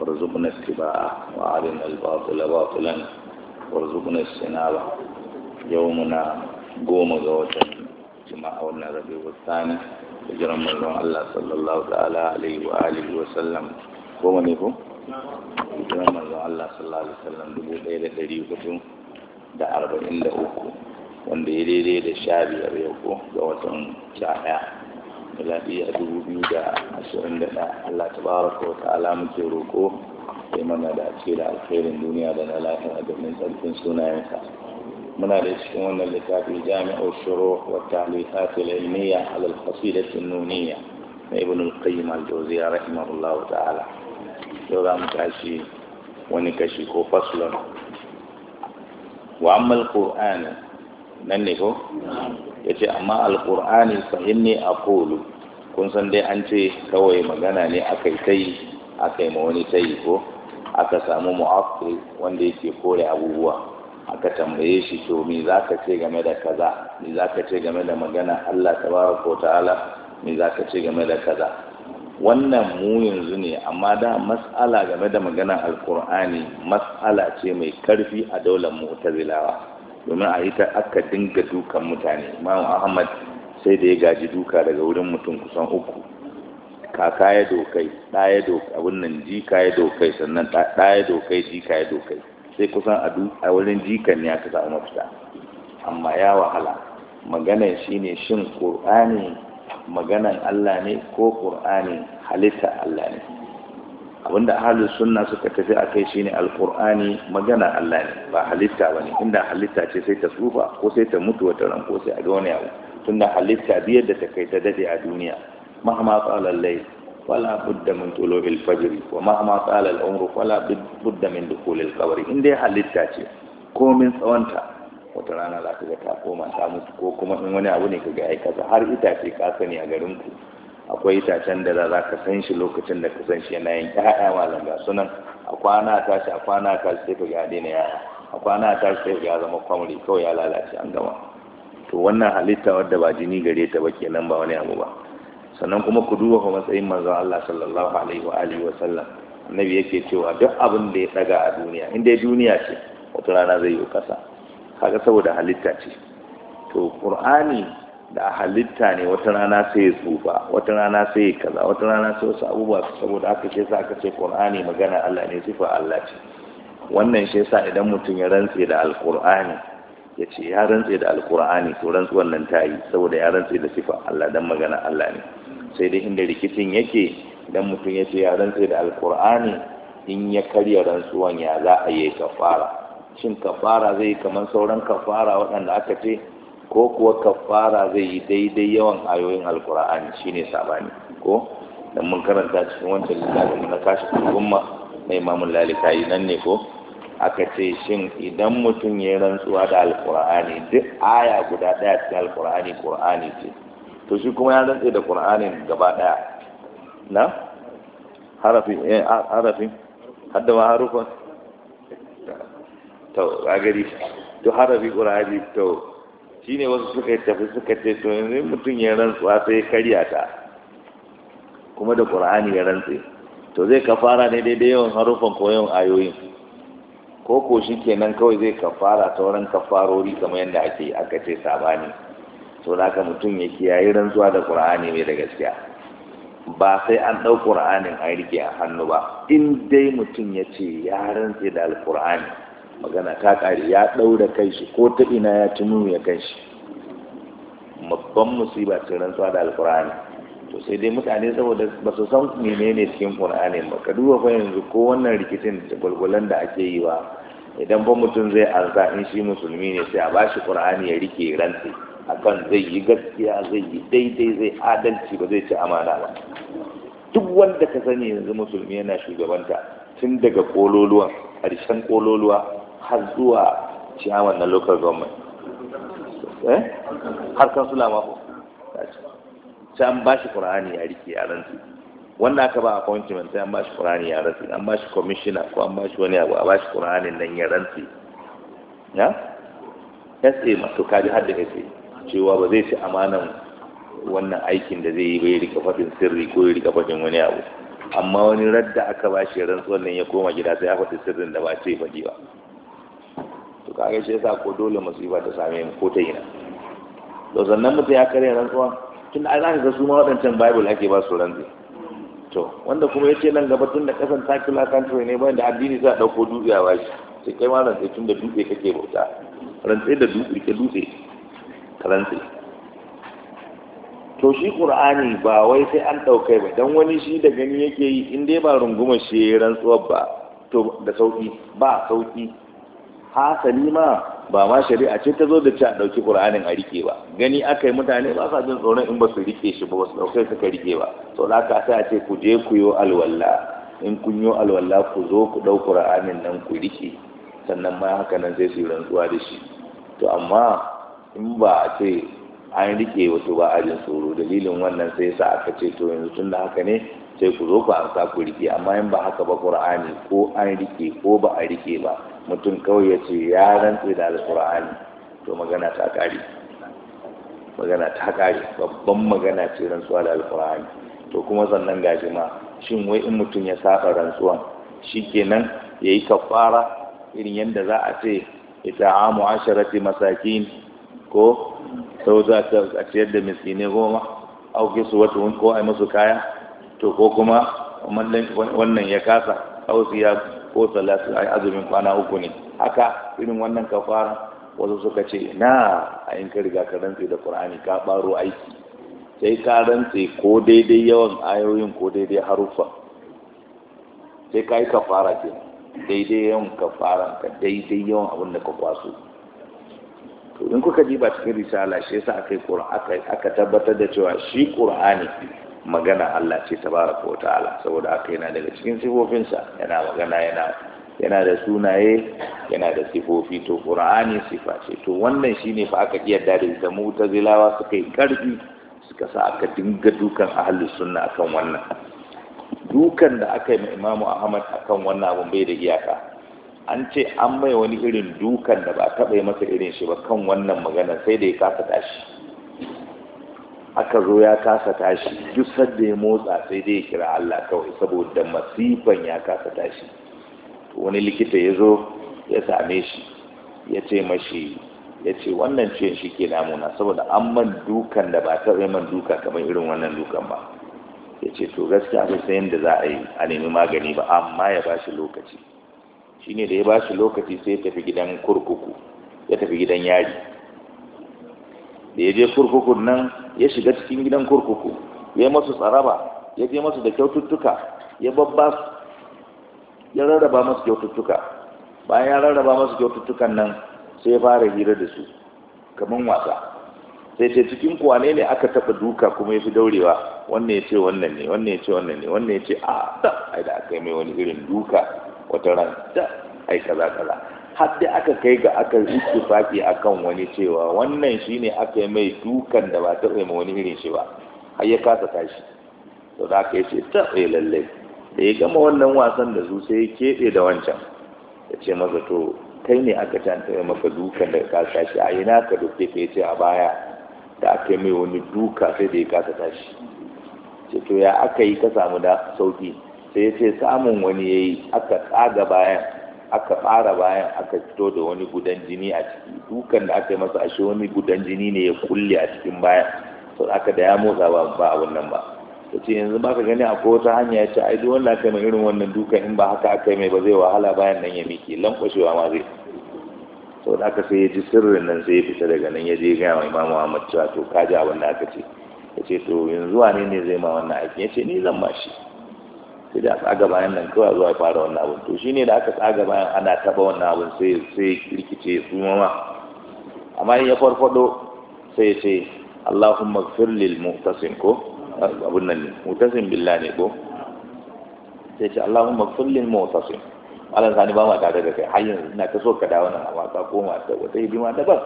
وارزقنا اتباعه وعلنا الباطل باطلا وارزقنا السنابة يومنا قوم زوجا جماعة والنبي والثاني hijiran manzon Allah sallallahu alaihi wa alihi wa sallam ko wane ko hijiran manzon Allah sallallahu alaihi wa dubu ɗaya da ɗari hudu da arba'in da uku wanda ya daidai da sha biyar yau ko ga watan miladiya dubu biyu da ashirin da ɗaya Allah ta baraka wa ta'ala muke roƙo sai mana da ce da alkhairin duniya da na lafiya domin tsarkin sunayensa muna da cikin wannan littafi jami'ar shuru wa ta'alifat al-ilmiya ala al-qasidah an-nuniyya na ibn al-qayyim al-jawziyya rahimahullahu ta'ala yau za mu tashi wani kashi ko faslon wa amma al-qur'ani nan ne ko ya ce amma alkur'ani fahimni a kolu kun san dai an ce kawai magana ne aka yi tayi aka yi ma wani tayi ko aka samu mu'afi wanda yake kore abubuwa aka tambaye shi to me za ka ce game da kaza me za ka ce game da magana allah tabaraka wa ta'ala me za ka ce game da kaza wannan mu yanzu ne amma da mas'ala game da maganar alkur'ani mas'ala ce mai karfi a daular mu'tazilawa domin a ita aka dinga dukan mutane imam ahmad sai da ya gaji duka daga wurin mutum kusan uku kaka ya dokai ɗaya dokai abin nan jika ya dokai sannan ɗaya dokai jika ya dokai sai kusan a wurin jikan ne aka samu mafita amma ya wahala shi ne shin ƙur'ani maganan allah ne ko ƙur'ani halitta allah ne abinda ahalus sunna suka tafi a kai shine alqur'ani magana Allah ne ba halitta bane inda halitta ce sai ta tsufa ko sai ta mutu wata ran ko sai a duniya wani tunda halitta biyar da ta kai ta dade a duniya mahama qala al-layl wala budda min al fajr wa mahama qala al-umr wala budda min al qabr inda halitta ce komin tsawanta wata rana za ka ga ta koma ta mutu ko kuma in wani abu ne ka ga aikata har itace ka sani a garin ku akwai itacen da za ka san shi lokacin da ka san shi yana yin ƴaƴa malam ga sunan a kwana a tashi a kwana ta shi ka ga yara. yaya a kwana ta shi sai ya zama kwamri kawai ya lalace an gama to wannan halitta wadda ba jini gare ta ba kenan ba wani abu ba sannan kuma ku duba kuma matsayin manzon Allah sallallahu alaihi wa alihi wa sallam annabi yake cewa duk abin da ya daga a duniya Inda dai duniya ce wata rana zai yi kasa kaga saboda halitta ce to qur'ani da halitta ne wata rana sai ya tsufa wata rana sai ya kaza wata rana sai wasu abubuwa su saboda aka ce sa aka ce Qur'ani magana Allah ne sifa Allah ce wannan shi yasa idan mutum ya rantse da al ya ce ya rantse da al to rantsuwan nan ta yi saboda ya rantse da sifa Allah dan magana Allah ne sai dai inda rikicin yake idan mutum ya ce ya rantse da al in ya karya rantsuwan ya za a yi kafara shin kafara zai kamar sauran kafara waɗanda aka ce ko kuwa kafara zai yi daidai yawan ayoyin alkur'ani shine sabani ko dan mun karanta cikin wancan littafin na kashi kuma na imamun lalikayi nan ne ko aka ce shin idan mutum ya rantsuwa da alkur'ani duk aya guda daya cikin alkur'ani qur'ani ce to shi kuma ya rantsu da qur'anin gaba daya na harafin eh harafin hadda ma harufan to gari to harafi qur'ani to shi ne wasu suka yi tafi suka ce to ne mutum ya rantsuwa sai karya ta kuma da ƙur'ani ya rantse to zai kafara ne daidai yawan harufan ko yawan ayoyin ko ko shi kenan kawai zai kafara sauran kafarori kamar yadda ake aka ce sabani to haka mutum ya kiyaye rantsuwa da ƙur'ani mai da gaskiya ba sai an ɗau ƙur'anin an rike a hannu ba in dai mutum ya ce ya rantse da alƙur'ani magana ta kare ya ɗaura kai shi ko ta ina ya tunu ya kai shi babban musiba ce rantsuwa da alkur'ani to sai dai mutane saboda ba su san menene cikin qur'ani ba ka duba fa yanzu ko wannan rikicin da gwalgwalan da ake yi ba idan ba mutum zai arza in shi musulmi ne sai a bashi qur'ani ya rike rantsi akan zai yi gaskiya zai yi daidai zai adalci ba zai ci amana ba duk wanda ka sani yanzu musulmi yana shugabanta tun daga kololuwa ƙarshen kololuwa har zuwa ciyaman na local government eh har kan ma ko can an ba shi qur'ani ya rike a rantsi wannan aka ba appointment sai an ba shi qur'ani ya rantsi an ba shi commissioner ko an ba shi wani abu a ba shi qur'ani nan ya rantsi ya sai ma to kaji har da SA cewa ba zai ci amanan wannan aikin da zai yi bai rika faɗin sirri ko ya rika faɗin wani abu amma wani radda aka ba shi rantsuwan wannan ya koma gida sai ya faɗi sirrin da ba sai faɗi ba to kaga shi yasa ko dole musiba ta same mu ko ta yi na? to sannan mutum ya karya rantsuwa tun da za ka ga su ma waɗancan bible ake ba su rantsi to wanda kuma yace nan gaba tun da kasan takila country ne bayan da addini za a ɗauko dutse a bashi sai kai ma rantsi tun da dutse kake bauta rantsi da dutse ke dutse ka rantsi to shi qur'ani ba wai sai an ɗaukai ba dan wani shi da gani yake yi in dai ba rungumar shi rantsuwar ba to da sauki ba sauki hasali ma ba ma shari'a ce ta zo da ta a ɗauki ƙur'anin a rike ba gani aka mutane ba sa jin tsoron in ba su rike shi ba wasu ɗaukai suka rike ba sau da aka sai a ce ku je ku yo alwalla in kun yo alwalla ku zo ku ɗau ƙur'anin nan ku rike sannan ma haka nan sai su rantsuwa da shi to amma in ba a ce an rike wasu ba a jin tsoro dalilin wannan sai sa aka ce to yanzu tun da haka ne sai ku zo ku amsa ku rike amma in ba haka ba ƙur'ani ko an rike ko ba a rike ba mutum kawai ya ce ya rantse da alkur'ani to magana ta ƙari magana ta ƙari babban magana ce rantsuwa da alkur'ani to kuma sannan gashi ma shin wai in mutum ya saba rantsuwan shikenan ya yi kafara irin yadda za a ce ita amu asharati masakin ko sau za a ciyar da miskinai goma auki su wata ko a masu kaya to ko kuma wannan ya kasa ya? ko salatu ai azumin kwana uku ne haka irin wannan kafara wasu suka ce na a yin ka riga ka rantse da qur'ani ka baro aiki sai ka rantse ko daidai yawan ayoyin ko daidai haruffa sai ka yi kafara ke daidai yawan kafaran ka daidai yawan abin da ka kwaso to in kuka ji ba cikin risala shi yasa aka aka tabbatar da cewa shi qur'ani magana Allah ce ta tabaraka wa ta'ala saboda haka yana daga cikin sifofinsa yana magana yana da sunaye yana da sifofi to qur'ani sifa ce to wannan shine fa aka iya da da mutazilawa suka yi karfi suka sa aka dinga dukan ahlus sunna akan wannan dukan da aka yi imamu ahmad akan wannan abun bai da iyaka an ce an mai wani irin dukan da ba taɓa yi masa irin shi ba kan wannan magana sai da ya kasa tashi aka zo ya kasa tashi duk sadda ya motsa sai dai ya kira Allah kawai saboda masifan ya kasa tashi wani likita ya zo ya same shi ya ce mashi ya ce wannan ciyon shi ke namuna saboda an man dukan da ba ta man duka kamar irin wannan dukan ba ya ce to gaskiya sai yadda za a yi a nemi magani ba amma ya ba shi lokaci shine da ya ba shi lokaci sai ya tafi gidan kurkuku ya tafi gidan yari da ya je kurkukun nan ya shiga cikin gidan kurkuku ya yi masu tsaraba ya je masu da kyaututtuka ya babba ya rarraba masu kyaututtuka bayan ya rarraba masu kyaututtukan nan sai ya fara hira da su kamar wasa sai ce cikin kwane ne aka taba duka kuma ya fi daurewa wannan ya ce wannan ne wannan ya ce wannan ne wannan ya ce a da aka yi mai wani irin duka wata ran da ai kaza kaza har da aka kai ga aka a akan wani cewa wannan shine aka yi mai dukan da ba ta tsaye wani irin shi ba har ya kasa tashi to ka yi ce ta tsaye lalle da ya gama wannan wasan da su sai ya keɓe da wancan ya ce maza to kai ne aka ta tsaye maka dukan da ka tashi a ina ka doke ka ce a baya da aka yi mai wani duka sai da ya kasa tashi ce to ya aka yi ka samu da sauki sai ya ce samun wani ya yi aka tsaga bayan aka fara bayan aka fito da wani gudan jini a ciki dukan da aka yi masa ashe wani gudan jini ne ya kulle a cikin bayan to aka da ya motsa ba ba a wannan ba to ce yanzu baka gani akwai wata hanya ya ce ai duk wanda aka yi irin wannan dukan in ba haka aka yi mai ba zai wahala bayan nan ya miƙe lankwashewa ma zai to da aka sai ya ji sirrin nan sai ya fita daga nan ya je ga mai imamu Muhammad cewa to kaji abin da aka ce ya ce to yanzu wane ne zai ma wannan aiki ya ce ni zan ma shi sai da tsaga bayan nan kawai zuwa fara wannan abun to shine da aka tsaga bayan ana taba wannan abun sai sai rikice su mama amma in ya farfado sai ce Allahumma ighfir lil mu'tasim ko abun nan ne mu'tasim billahi ne ko sai ce Allahumma ighfir lil mu'tasim Allah sani ba ma tare da kai har yanzu ina ta so ka dawo nan amma ka koma ta wata hidima daban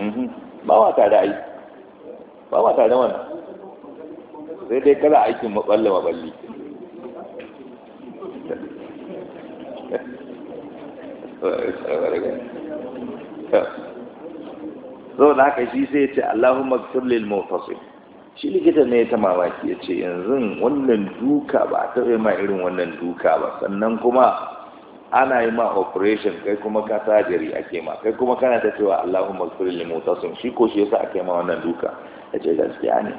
mhm. ba ma tare ai ba ma tare wannan sai dai kada aikin maballe maballi zo da haka shi sai ya ce Allahumma gfir lil shi likita ne ta mamaki ya ce yanzu wannan duka ba a taɓa ma irin wannan duka ba sannan kuma ana yi ma operation kai kuma ka tajiri ake ma kai kuma kana ta cewa Allahumma gfir lil shi ko shi yasa a ma wannan duka ya ce gaskiya ne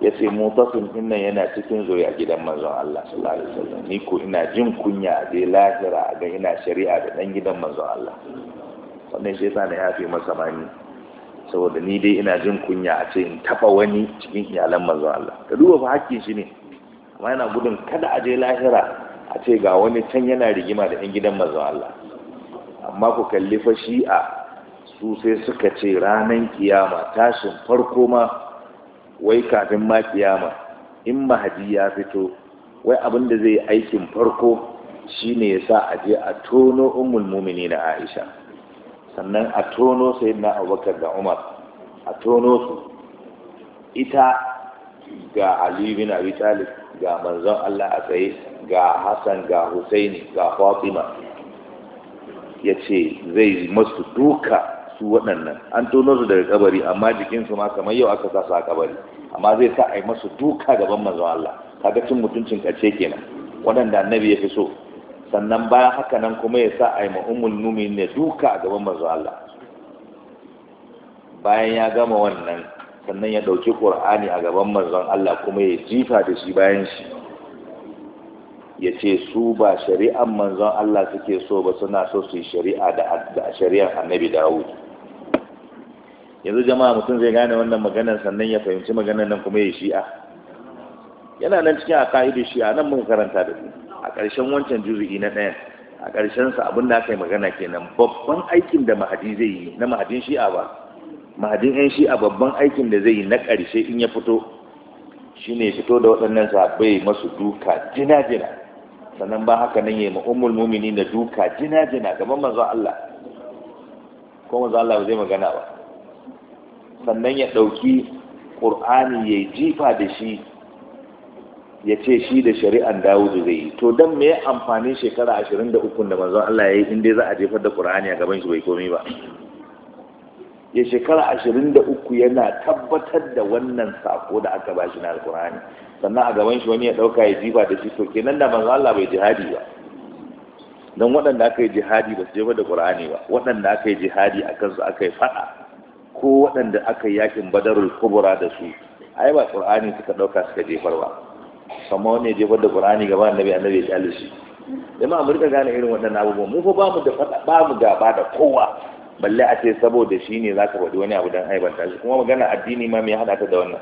ya ce mutasin dinnan yana cikin zuri a gidan manzon Allah sallallahu alaihi ni ko ina jin kunya a dai lahira a ga ina shari'a da dan gidan manzon Allah wannan shi yasa na yafe masa mani saboda ni dai ina jin kunya a ce in taba wani cikin iyalan manzon Allah ka duba fa hakkin shi ne amma yana gudun kada a je lahira a ce ga wani can yana rigima da yan gidan manzon Allah amma ku kalli fa shi'a su sai suka ce ranan kiyama tashin farko ma wai kafin ma kiyama in mahadi ya fito wai abin da zai aikin farko shine ya sa aje a tono ummul na Aisha sannan a tono na Abubakar da Umar a tono su ita ga Ali bin Abi Talib ga manzon Allah a tsaye ga Hassan ga Husaini ga Fatima ce zai masu duka su waɗannan an tono su daga kabari amma jikinsu ma kamar yau aka sa su a kabari amma zai sa a yi masu duka gaban manzon Allah kaga cin mutuncin kace kenan waɗanda annabi ya fi so sannan bayan haka nan kuma ya sa a yi ma'umul numi ne duka a gaban manzon Allah bayan ya gama wannan sannan ya ɗauki ƙur'ani a gaban manzon Allah kuma ya jifa da shi bayan shi ya ce su ba shari'an manzon Allah suke so ba suna so su yi shari'a da shari'ar annabi Dawud yanzu jama'a mutum zai gane wannan maganar sannan ya fahimci maganar nan kuma ya shi'a yana nan cikin a ka'idu shi'a nan mun karanta da su a ƙarshen wancan juzu'i na ɗaya a ƙarshen sa abin da aka yi magana kenan babban aikin da mahadi zai yi na mahadin shi'a ba mahadin yan shi'a babban aikin da zai yi na ƙarshe in ya fito shine fito da waɗannan sahabbai masu duka jina-jina sannan ba haka nan yayi ummul mu'minin da duka jina-jina gaban manzo Allah ko manzo Allah ba zai magana ba sannan ya ɗauki ƙur'ani ya jifa da shi ya ce shi da shari'an dawudu zai yi to don me amfanin shekara ashirin da ukun da manzon Allah ya yi inda za a jefar da ƙur'ani a gaban shi bai komi ba ya shekara ashirin da uku yana tabbatar da wannan sako da aka bashi na alƙur'ani sannan a gaban shi wani ya ɗauka ya jifa da shi to kenan da manzon Allah bai jihadi ba don waɗanda aka yi jihadi ba su jefar da ƙur'ani ba waɗanda aka yi jihadi a kansu aka yi faɗa ko waɗanda aka yakin badarul kubura da su ai ba qur'ani suka ɗauka suka jefar ba kuma wani jefar da qur'ani gaba annabi annabi ya kyale shi jama'a mu gane irin waɗannan abubuwan mu fa ba mu da fada ba mu gaba da kowa balle a ce saboda shi ne zaka faɗi wani abu dan aibanta shi kuma magana addini ma me ya hada ta da wannan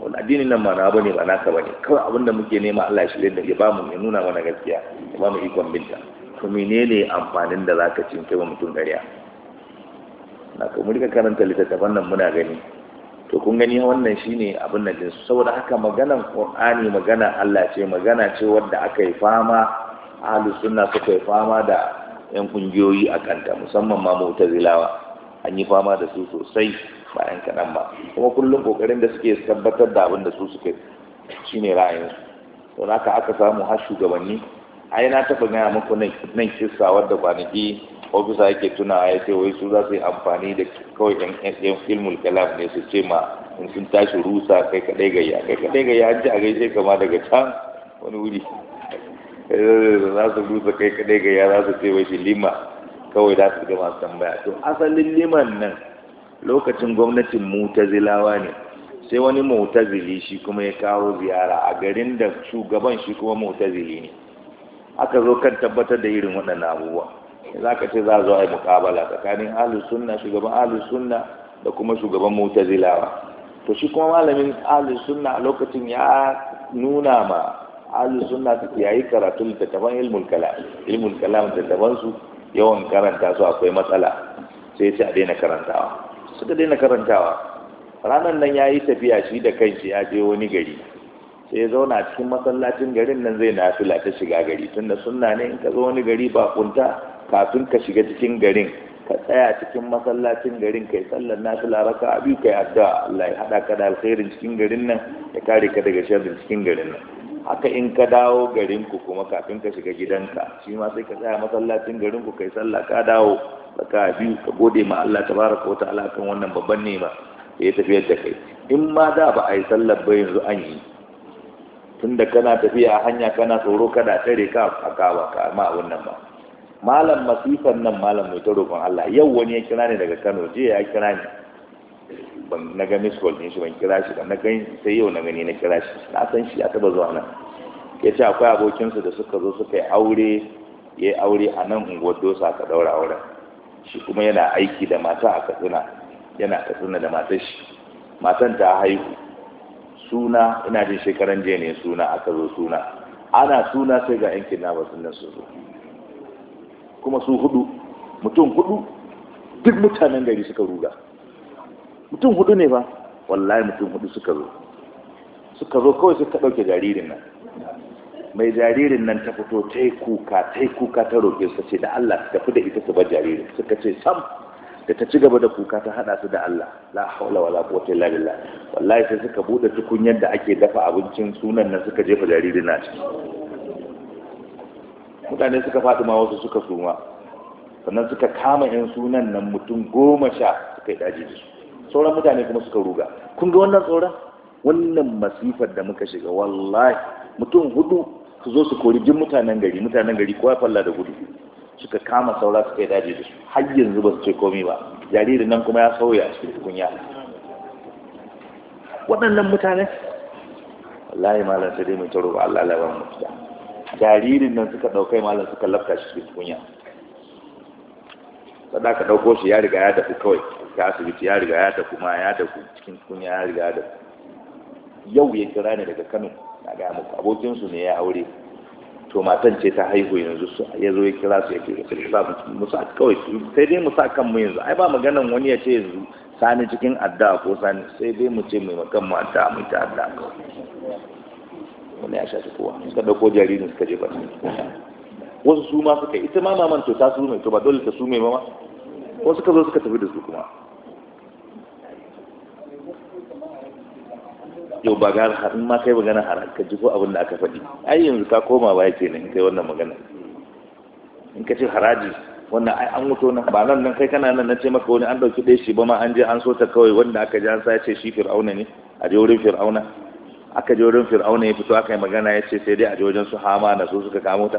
wani addini nan ma na bane ba naka bane kawai abin da muke nema Allah shi da ya bamu ya nuna mana gaskiya ya bamu ikon binta to menene amfanin da zaka cinke wa mutum dariya na ka mu ka karanta littattafan nan muna gani to kun gani wannan shine abin da jinsu saboda haka maganan qur'ani magana Allah ce magana ce wadda aka yi fama ahlus sunna suka yi fama da yan kungiyoyi a kanta musamman ma mu'tazilawa an yi fama da su sosai bayan kaɗan ba kuma kullum kokarin da suke tabbatar da abin da su suke shine ra'ayin to haka aka samu har shugabanni ai na tafi gaya muku nan kissa wadda kwanaki ofisa yake tuna a yace wai su za su yi amfani da kawai yan ilmul kalam ne su ce ma in sun tashi rusa kai kadai gayya kai kadai gayya an ji a gaishe kama daga can wani wuri eh, za su rusa kai kadai gayya za su ce wai shi lima kawai za su gama su tambaya to asalin liman nan lokacin gwamnatin mutazilawa ne sai wani mutazili shi kuma ya kawo ziyara a garin da shugaban shi kuma mutazili ne aka zo kan tabbatar da irin waɗannan abubuwa za ka ce za a zo a yi mukabala tsakanin ahlus sunna shugaban ahlus sunna da kuma shugaban mutazilawa to shi kuma malamin ahlus sunna a lokacin ya nuna ma ahlus sunna ke yayi karatu littattafan ilmul kalam ilmul kalam taban su yawan karanta su akwai matsala sai ce a daina karantawa suka daina karantawa ranar nan ya yi tafiya shi da kanshi ya je wani gari sai ya zauna cikin masallacin garin nan zai na ta shiga gari tunda sunna ne in ka zo wani gari ba kunta kafin ka shiga cikin garin ka tsaya cikin masallacin garin kai sallar nafila raka abi kai addu'a Allah ya hada ka da alkhairin cikin garin nan ya kare ka daga sharrin cikin garin nan haka in ka dawo garin ku kuma kafin ka shiga gidanka shi ma sai ka tsaya masallacin garin ku kai sallah ka dawo raka biyu ka gode ma Allah tabaraka wa ta'ala kan wannan babban nema da ya tafiyar da kai in ma da ba a yi sallar ba yanzu an yi tunda kana tafiya a hanya kana tsoro kada tare ka a kawa ka ma wannan ba malam masifan nan malam mai ta roƙon Allah yau wani ya kira ni daga Kano jiya ya kira ni ban na ga miss call shi ban kira shi ba na gani sai yau na gani na kira shi na san shi ya taba zuwa nan ya ce akwai abokinsu da suka zo suka yi aure ya yi aure a nan unguwar dosa aka ɗaura auren shi kuma yana aiki da mata a katsina yana katsina da matar shi matan ta haihu suna ina jin shekaran jiya ne suna aka zo suna ana suna sai ga yankin na basu nan su zo kuma su hudu mutum hudu duk mutanen gari suka ruga mutum hudu ne ba wallahi mutum hudu suka zo suka zo kawai suka ɗauke jaririn nan mai jaririn nan ta fito ta yi kuka ta yi kuka ta roƙe su ce da Allah su tafi da ita su bar jaririn suka ce sam da ta ci gaba da kuka ta hada su da Allah la haula wala quwwata illa billah wallahi sai suka bude tukunyar da ake dafa abincin sunan nan suka jefa jaririn na ciki mutane suka faɗi ma wasu suka suma sannan suka kama 'yan sunan nan mutum goma sha suka yi daji da su sauran mutane kuma suka ruga kun ga wannan tsoron wannan masifar da muka shiga wallahi mutum hudu su zo su kori jin mutanen gari mutanen gari kowa falla da gudu suka kama saura suka yi daji da su har yanzu ba su ce komai ba jaririn nan kuma ya sauya a cikin tukunya waɗannan mutane wallahi malam sai dai mai taro ba Allah ya ba mu jaririn nan suka ɗaukai malam suka lafta shi cikin kunya sada ka ɗauko shi ya riga ya tafi kawai ta asibiti ya riga ya tafi ma ya tafi cikin kunya ya riga ya tafi yau ya kira ni daga kano na gaya muku abokinsu ne ya aure to matan ce ta haihu yanzu su ya zo ya kira su ya ke sa musu kawai sai dai mu sa kanmu yanzu ai ba maganan wani ya ce yanzu sani cikin addu'a ko sani sai dai mu ce mai makan mu addu'a mu ta addu'a kawai wannan ya shafi kowa suka dauko jaririn suka jefa wasu su ma suka ita ma maman to ta su mai to ba dole ta su mai ma wasu ka zo suka tafi da su kuma yau ba ga in ma kai magana har ka ji ko abin da aka faɗi ai yanzu ka koma baya kenan kai wannan magana in ka ce haraji wannan ai an wuto nan ba nan nan kai kana nan na ce maka wani an dauki ɗaya shi ba ma an je an so ta kawai wanda aka ji an sa ya ce shi fir'auna ne a je wurin fir'auna aka je wurin fir'auna ya fito aka yi magana ya ce sai dai a je wajen su hama na su suka kamo ta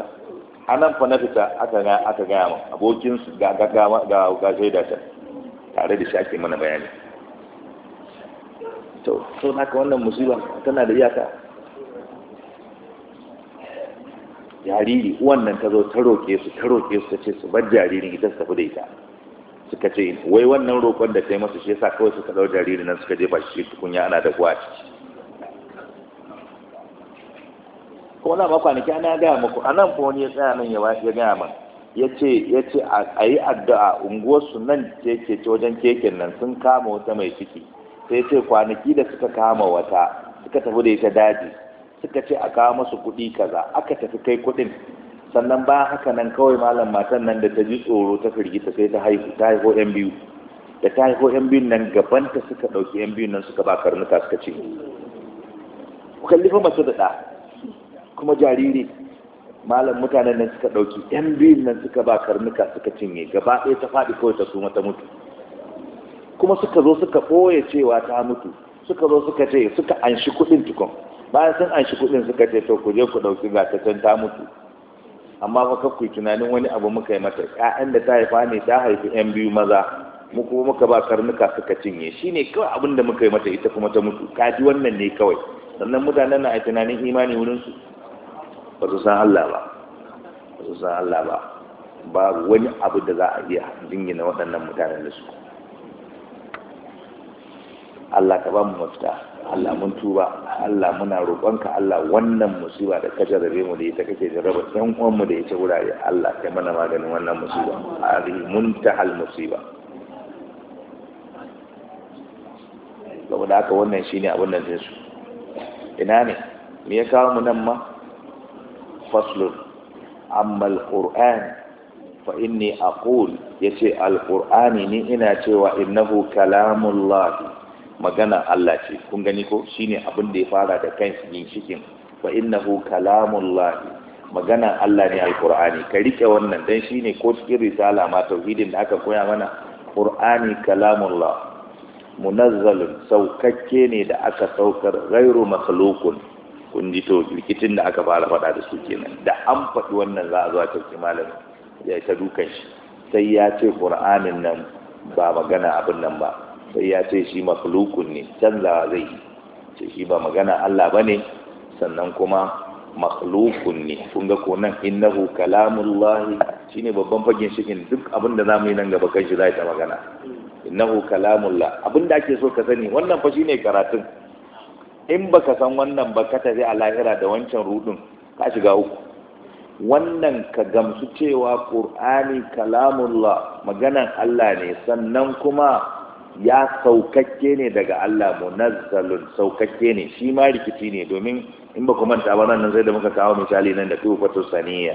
a nan fa na fita aka ga mu abokin su ga ga ga ga da ta tare da shi ake mana bayani to to naka wannan musiba tana da iyaka jariri wannan ta zo ta roƙe su ta roƙe su ta ce su bar jaririn ita su tafi da ita suka ce wai wannan roƙon da ta yi masa shi yasa kawai suka ɗau jaririn nan suka je ba shi tukunya ana da kuwa ciki kuma na ma kwanaki ana gaya muku a nan wani ya tsaya nan ya gaya ma ya ce a yi addu'a unguwarsu nan ce ce wajen keken nan sun kama wata mai ciki sai ce kwanaki da suka kama wata suka tafi da ita daji suka ce a kawo masu kuɗi kaza aka tafi kai kuɗin sannan bayan haka nan kawai malam matan nan da ta ji tsoro ta firgita sai ta haihu ta haihu yan biyu da ta haihu yan biyun nan gaban ta suka ɗauki yan biyun nan suka ba karnuka suka ce ku kalli fa mace da kuma jariri malam mutanen nan suka dauki yan biyun nan suka ba karnuka suka cinye gaba ɗaya ta faɗi kawai ta suma ta mutu kuma suka zo suka ɓoye cewa ta mutu suka zo suka ce suka anshi kuɗin tukun bayan sun anshi kuɗin suka ce to ku je ku ɗauki gatacen ta mutu amma fa kakku tunanin wani abu muka yi mata ƴaƴan da ta haifa ne ta haifi yan biyu maza mu kuma muka ba karnuka suka cinye shine kawai abin da muka yi mata ita kuma ta mutu kaji wannan ne kawai sannan mutanen na a tunanin imani wurin ba su san Allah ba ba su san Allah ba ba wani abu da za a iya jingina waɗannan mutanen da su Allah ka ba mu mafita Allah mun tuba Allah muna roƙonka Allah wannan musiba da ka jarabe mu da ita kake jarraba ɗan uwan mu da ita wurare Allah kai mana maganin wannan musiba ari muntahal musiba saboda haka wannan shine abin nan su ina ne me ya kawo mu nan ma faslun amma alquran fa inni aqul yace alqur'ani ni ina cewa innahu kalamullah magana Allah ce kun gani ko shine abin da ya fara da kan ginshikin fa innahu kalamullah magana Allah ne alqur'ani ka rike wannan dan shine ko cikin risala ma tauhidin da aka koya mana qur'ani kalamullah munazzal saukakke ne da aka saukar ghairu makhluqun kun ji to rikicin da aka fara faɗa da su kenan da an faɗi wannan za a zo a tauki malamin ya ta dukan shi sai ya ce qur'anin nan ba magana abin nan ba sai ya ce shi makhlukun ne canzawa zai yi ce shi ba magana Allah bane sannan kuma makhlukun ne kun ga ko nan innahu shi shine babban fagen shigin duk abin da zamu yi nan gaba kan shi zai ta magana innahu kalamullah abin da ake so ka sani wannan fa shine karatun in baka san wannan ba ka tafi a lahira da wancan rudin ka shiga uku wannan ka gamsu cewa ƙur'ani kalamullah maganan Allah ne sannan kuma ya saukakke ne daga Allah munazzalun saukakke ne shi ma rikici ne domin in ba kuma ta bana nan sai da muka kawo misali nan da tufatu saniya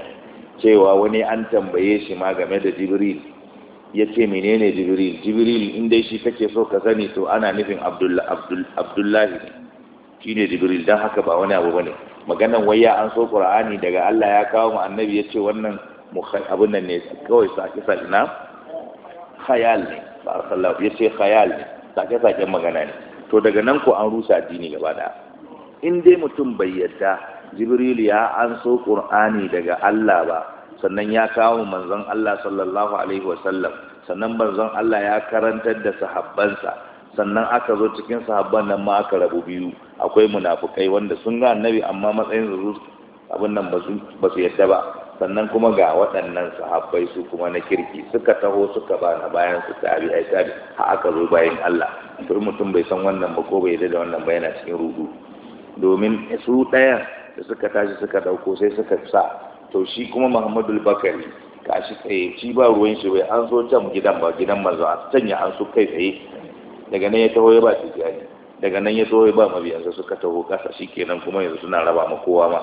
cewa wani an tambaye shi ma game da jibril ya ce menene jibril jibril in dai shi kake so ka sani to ana nufin abdullahi Shi ne jibril dan haka ba wani abu bane maganan waya an so qur'ani daga Allah ya kawo mu annabi yace wannan abun nan ne kawai sake sake na khayal ne ba ya yace khayal ne sake sake magana ne to daga nan ko an rusa addini gaba da in dai mutum bai yadda jibril ya an so qur'ani daga Allah ba sannan ya kawo manzon Allah sallallahu alaihi wasallam sannan manzon Allah ya karantar da sahabbansa sannan aka zo cikin sahabban nan ma aka rabu biyu akwai munafukai wanda sun ga annabi amma matsayin su abin nan ba su yadda ba sannan kuma ga waɗannan sahabbai su kuma na kirki suka taho suka ba na bayan su tabi ai tabi ha aka zo bayan Allah to mutum bai san wannan ba ko bai yadda da wannan ba yana cikin rudu domin su ɗaya da suka tashi suka dauko sai suka sa to shi kuma Muhammadu Bakari kashi tsaye shi ba ruwan shi bai an so can gidan ba gidan manzo a can an so kai tsaye daga nan ya taho ya ba tijani daga nan ya taho ya ba mabiyansa suka taho kasa shikenan kuma yanzu suna raba ma kowa ma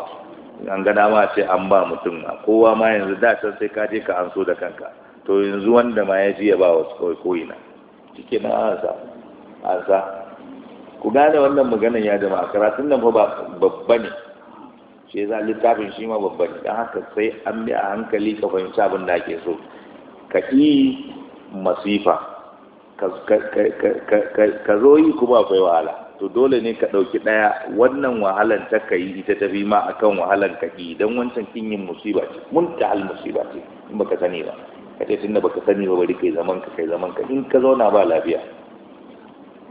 an ga dama ce an ba mutum a kowa ma yanzu da can sai ka je ka an so da kanka to yanzu wanda ma ya ji ya ba wasu kawai koyina shikenan an sa an sa ku gane wannan maganan ya jama'a karatun nan fa babba ne shi ya littafin shi ma babba ne don haka sai an bi a hankali ka fahimci abin da ake so ka yi masifa ka zo yi kuma akwai wahala to dole ne ka ɗauki ɗaya wannan wahalan ta ka yi ita ta fi ma akan wahalan ka ƙi don wancan yin musiba ce mun ta hal musiba ce in baka sani ba ka ce tunda baka sani ba bari kai zaman ka kai zaman ka in ka zauna ba lafiya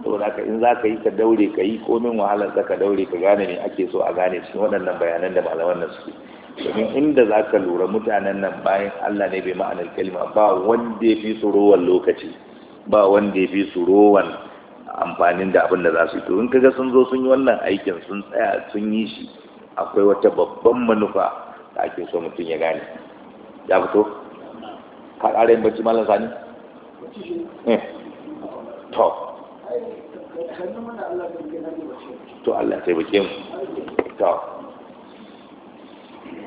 saboda ka in za ka yi ka daure ka yi komin wahalan ka daure ka gane ne ake so a gane cikin waɗannan bayanan da malaman nan suke domin inda za ka lura mutanen nan bayan Allah ne bai ma'anar kalma ba wanda ya fi tsorowar lokaci ba wanda ya fi su rowan amfanin da abin da za su yi to in kaga sun zo sun yi wannan aikin sun tsaya sun yi shi akwai wata babban manufa da ake so mutum ya gane ya fito ka ƙara yin bacci malam sani eh. to to Allah sai bake mu to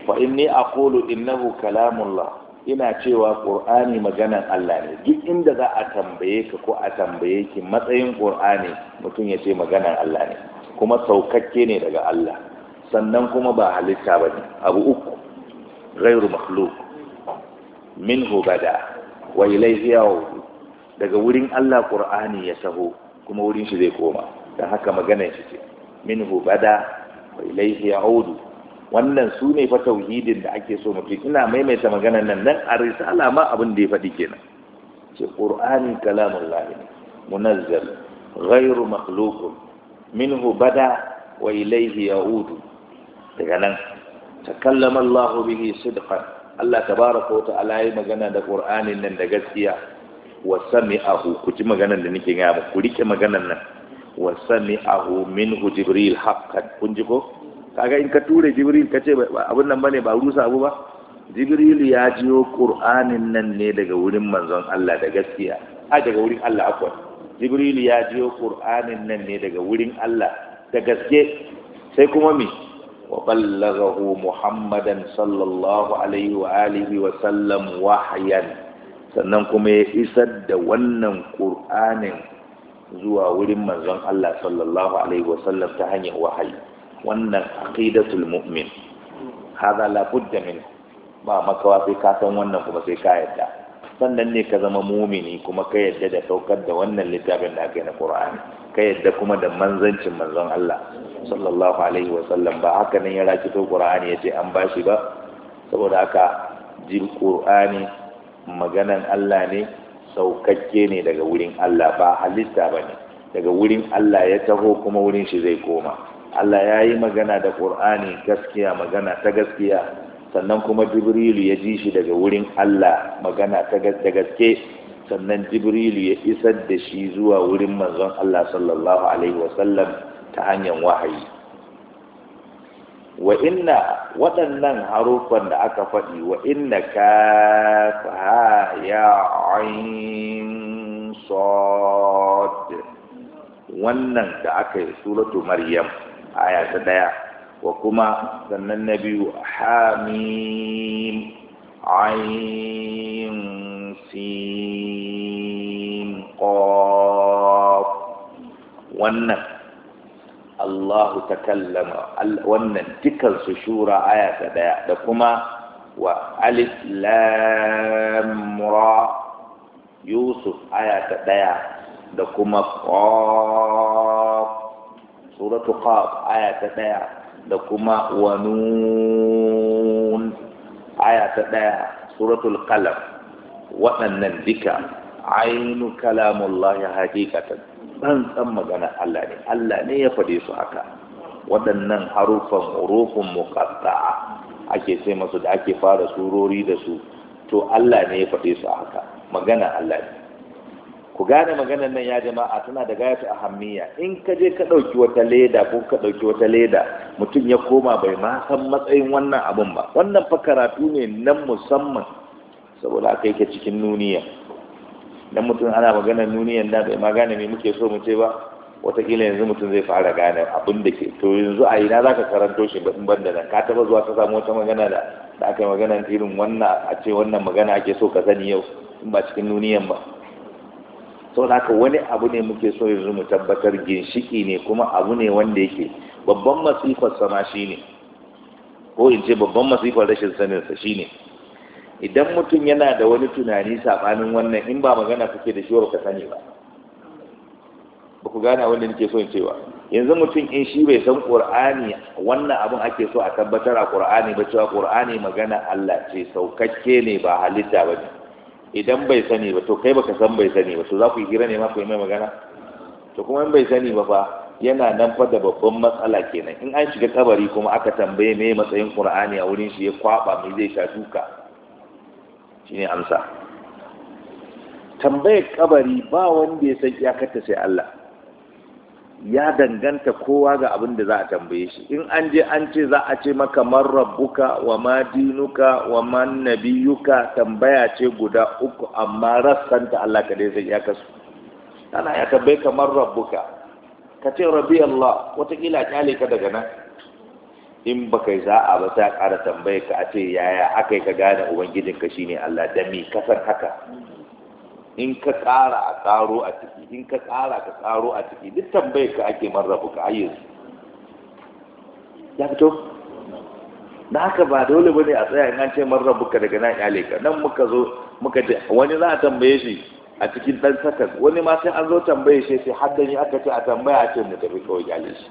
fa inni aqulu innahu kalamullah ina cewa ƙur'ani maganan Allah ne duk inda za a tambaye ka ko a tambaye ki matsayin ƙur'ani mutum ya ce maganan Allah ne kuma saukakke ne daga Allah sannan kuma ba halitta ba ne abu uku ghairu makhluq minhu bada wa ilayhi yaudu daga wurin Allah ƙur'ani ya saho kuma wurin shi zai koma dan haka maganar shi ce minhu bada wa ilayhi yaudu wannan su ne fa tauhidin da ake so mutum ina maimaita maganar nan nan a risala ma abin da ya faɗi kenan ce qur'ani kalamun lahi munazzal ghairu makhluqun minhu bada wa ilayhi ya'udu daga nan takallama Allahu bihi sidqan Allah tabaraka wa ta'ala yi magana da qur'anin nan da gaskiya wa sami'ahu ku ji maganar da nake gaya ku rike maganar nan wa sami'ahu minhu jibril haqqan kun ji ko kaga in ka ture jibril ka ce abin nan bane ba rusa abu ba jibril ya jiyo qur'anin nan ne daga wurin manzon Allah da gaskiya a daga wurin Allah akwai jibril ya jiyo qur'anin nan ne daga wurin Allah da gaske sai kuma mi wa ballaghahu muhammadan sallallahu alaihi wa alihi wa sallam wahyan sannan kuma ya isar da wannan qur'anin zuwa wurin manzon Allah sallallahu alaihi wa sallam ta hanyar wahayi wannan aqidatul mu'min hada la budda min ba makawa sai ka san wannan kuma sai ka yadda sannan ne ka zama mumini kuma ka yadda da saukar da wannan littafin da aka yi na Qur'ani ka yadda kuma da manzancin manzon Allah sallallahu alaihi wa sallam ba haka nan ya raki to Qur'ani yace an bashi ba saboda haka jil Qur'ani maganan Allah ne saukakke ne daga wurin Allah ba halitta bane daga wurin Allah ya taho kuma wurin shi zai koma Allah ya yi magana da ƙur'ani gaskiya magana ta gaskiya sannan kuma jibrilu ya ji shi daga wurin Allah magana ta gaske sannan jibrilu ya isar da shi zuwa wurin manzon Allah sallallahu alaihi wasallam ta hanyar wahayi wa inna waɗannan harufan da aka faɗi wa inna ka ya sod wannan da aka yi suratu maryam aya ta daya wa kuma sannan na biyu hamim ayin sin qaf wannan Allah ta kallama wannan dukkan su shura aya ta daya da kuma wa alif lam ra yusuf aya ta daya da kuma qaf suratu qaf aya ta ɗaya da kuma wa nun aya ta ɗaya suratul qalam waɗannan duka ainu kalamullahi hakikatan dan san magana Allah ne Allah ne ya fade su haka waɗannan harufan hurufun muqatta'a ake ce masu da ake fara surori da su to Allah ne ya fade su haka magana Allah ne ku gane maganar nan ya jama'a tana da gayatu ahammiya in ka je ka ɗauki wata leda ko ka ɗauki wata leda mutum ya koma bai ma san matsayin wannan abun ba wannan fa karatu ne nan musamman saboda aka yake cikin nuniya dan mutum ana maganar nuniyan da bai ma gane me muke so mu ce ba Wataƙila yanzu mutum zai fara gane abin da ke to yanzu a ina ka karanto shi in da nan ka taɓa zuwa ta samu wata magana da da aka yi magana irin wannan a ce wannan magana ake so ka sani yau in ba cikin nuniyan ba saboda haka wani abu ne muke so yanzu mu tabbatar ginshiki ne kuma abu ne wanda yake babban masifar sama shine ko in ce babban masifar rashin sanin sa shine idan mutum yana da wani tunani sabanin wannan in ba magana kuke da shi ba ka sani ba ba ku gane wanda nake so in cewa yanzu mutum in shi bai san qur'ani wannan abin ake so a tabbatar a qur'ani ba cewa qur'ani magana Allah ce saukakke ne ba halitta ba ne idan bai sani ba to kai baka san bai sani ba to za ku yi hira ne ma ku yi mai magana to kuma in bai sani ba fa yana nan fa da babban matsala kenan in an shiga kabari kuma aka tambaye me matsayin qur'ani a wurin shi ya kwaba me zai sha duka shine amsa tambayar kabari ba wanda ya san iyakarta sai Allah ya danganta kowa ga abin da za a tambaye shi in an je an ce za a ce maka man rabbuka wa ma dinuka wa man nabiyuka tambaya ce guda uku amma rassanta Allah ka dai zai ya kasu ana ya tambaye ka man rabbuka ka ce rabbi Allah watakila kyale ka daga nan in baka za a ba sai a ƙara tambaye ka a ce yaya aka yi ka gane ubangijinka shine Allah da mi kasan haka in ka tsara a tsaro a ciki in ka tsara ka tsaro a ciki duk tambayar ka ake marrabu ka ayyuka ya fito na haka ba dole ba ne a tsaya in an ce marrabu ka daga nan yale ka nan muka zo muka ce wani za a tambaye shi a cikin dan sakas wani ma sai an zo tambaye shi sai hadda aka ce a tambaya a ce mu tafi kawai yale shi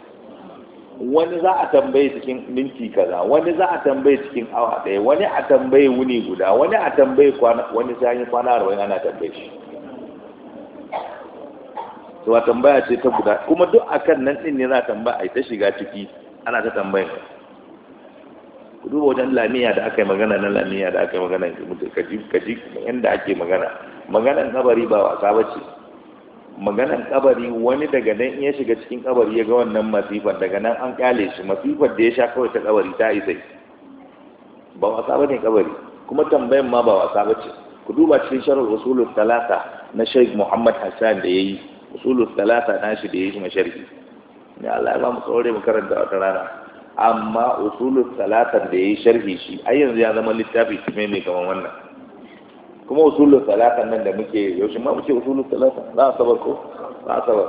wani za a tambaye cikin minti kaza wani za a tambaye cikin awa ɗaya wani a tambaye wuni guda wani a tambaye wani sai yi kwana arba'in ana tambaye shi to a tambaya ce ta guda kuma duk akan nan din ne za a tambaya a ta shiga ciki ana ta tambayin ku duba wajen lamiya da aka yi magana na lamiya da aka yi magana ka ji yadda ake magana maganan kabari ba wasa ba ce. maganan kabari wani daga nan ya shiga cikin kabari ya ga wannan masifar daga nan an kyale shi masifar da ya sha kawai ta kabari ta isai ba wasa bane kabari kuma tambayan ma ba wasa bace ku duba cikin sharar usulul talata na Sheikh Muhammad Hassan da yayi usulul talata shi da yayi masharhi ya Allah ya ba mu tsore mu karanta wata rana amma usulul talata da yayi sharhi shi ai yanzu ya zama littafi mai mai kaman wannan kuma usulun salatan nan da muke yaushe ma muke usulun salatan za a sabar ko za a sabar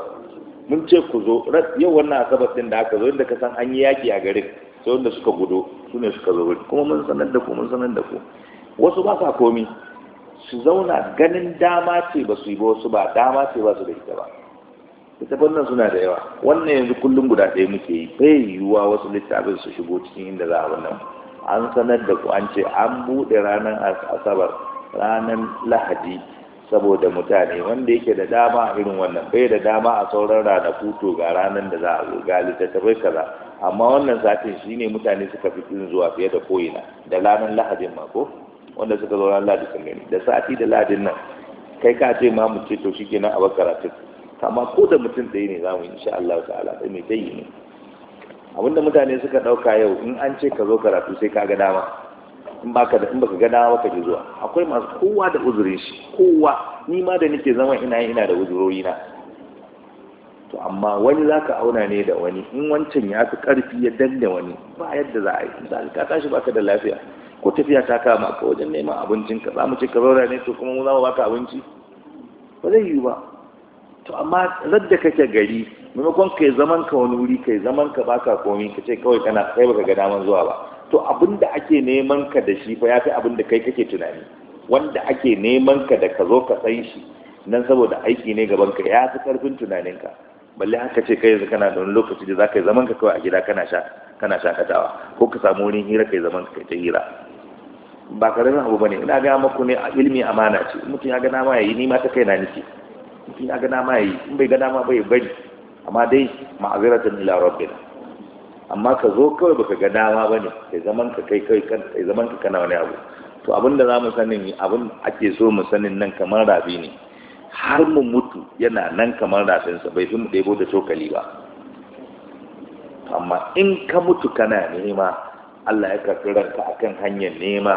mun ce ku zo yau wannan asabar din da aka zo inda ka san an yi yaki a garin sai wanda suka gudo su ne suka zo kuma mun sanar da ku mun sanar da ku wasu ba sa komi su zauna ganin dama ce ba su yi ba wasu ba dama ce ba su da ita ba Ita nan suna da yawa wannan yanzu kullum guda ɗaya muke yi bai yiwuwa wasu littafin su shigo cikin inda za a wannan an sanar da ku an ce an buɗe ranar asabar ranar lahadi saboda mutane wanda yake da dama a irin wannan bai da dama a sauran ranaku to ga ranar da za a zo ga littattafai kaza amma wannan satin shine mutane suka fi tsin zuwa fiye da koyina da ranar lahadin ma ko wanda suka zo ranar lahadin sun da sati da lahadin nan kai ka ce ma mu ce to shi kenan a karatu amma ko da mutum ɗaya ne za mu insha Allah ta'ala sai mai tayi ne abinda mutane suka ɗauka yau in an ce ka zo karatu sai ka ga dama in baka da in baka gana baka ji zuwa akwai masu kowa da uzurin shi kowa ni ma da nake zama ina ina da uzurori na to amma wani zaka auna ne da wani in wancan ya fi karfi ya danne wani ba yadda za a yi da ka tashi baka da lafiya ko tafiya ta kama ka wajen neman abincin ka za mu ce ka zaura ne to kuma mu za mu baka abinci ba zai yiwu ba to amma zadda kake gari maimakon kai zaman ka wani wuri kai zaman ka baka komi ka ce kawai kana kai baka ga daman zuwa ba to abin da ake neman ka da shi fa ya fi abin da kai kake tunani wanda ake neman ka da ka zo ka san shi nan saboda aiki ne gaban ka ya fi karfin tunaninka balle haka ce kai yanzu kana da wani lokaci da za yi zaman ka kawai a gida kana sha kana shakatawa ko ka samu wurin hira kai zaman ka ta hira ba rana abu bane ina ga maku ne ilimi amana ce mutum ya ga nama yayi ni ma ta kai na nake mutum ya ga nama yayi in bai ga nama bai bari amma dai ma'aziratan ila rabbina amma ka zo kawai baka ga dama ba ne kai zaman ka kai kai kai zaman ka kana wani abu to abin da za mu sanin abin ake so mu sanin nan kamar rabi ne har mu mutu yana nan kamar sa, bai fi mu ɗebo da cokali ba amma in ka mutu kana nema Allah ya karɓi ranka akan hanyar nema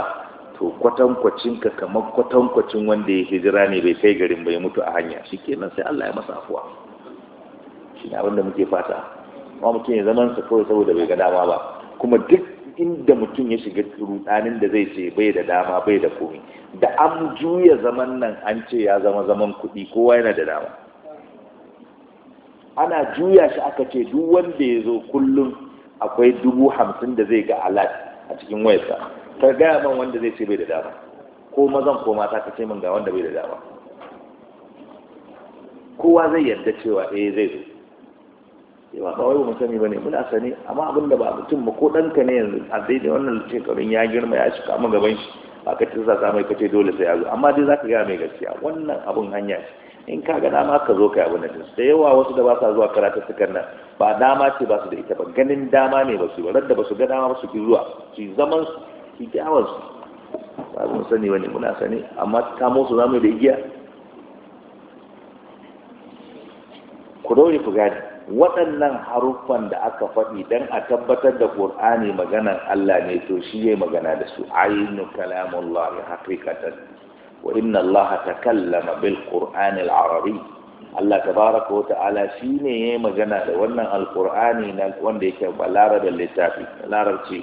to kwatankwacin ka kamar kwatankwacin wanda ya hijira ne bai kai garin bai mutu a hanya shikenan sai Allah ya masa afuwa shi abin da muke fata ma mutum ya zaman sa kawai saboda bai ga dama ba kuma duk inda mutum ya shiga rudanin da zai ce bai da dama bai da komi da an juya zaman nan an ce ya zama zaman kuɗi kowa yana da dama ana juya shi aka ce duk wanda ya zo kullum akwai dubu hamsin da zai ga alat a cikin wayarsa ka gaya man wanda zai ce bai da dama ko mazan ko mata ka ce min ga wanda bai da dama kowa zai yarda cewa eh zai zo sai ba kawai ba mu sani ba muna sani amma abin da ba mutum ba ko ɗanka ne yanzu a daidai wannan shekarun ya girma ya shiga mu gaban shi ba ka ci sa mai kace dole sai ya zo amma dai zaka gaya mai gaskiya wannan abun hanya ce in ka ga dama ka zo ka yi abin da da yawa wasu da ba sa zuwa karatu sukan nan ba dama ce ba su da ita ba ganin dama ne ba su ba da ba su ga dama ba su ki zuwa su zaman su ki kyawar su ba mu sani ba ne muna sani amma kamo su zamu da igiya ku dole ku gane waɗannan haruffan da aka faɗi don a tabbatar da ƙur'ani maganan Allah ne to shi ya magana da su ainu kalamullah ya haƙiƙatan wa inna Allah ta kallama bil ƙur'ani Allah tabaraka wa ta'ala shi ne ya magana da wannan alƙur'ani na wanda yake balara da littafi larabci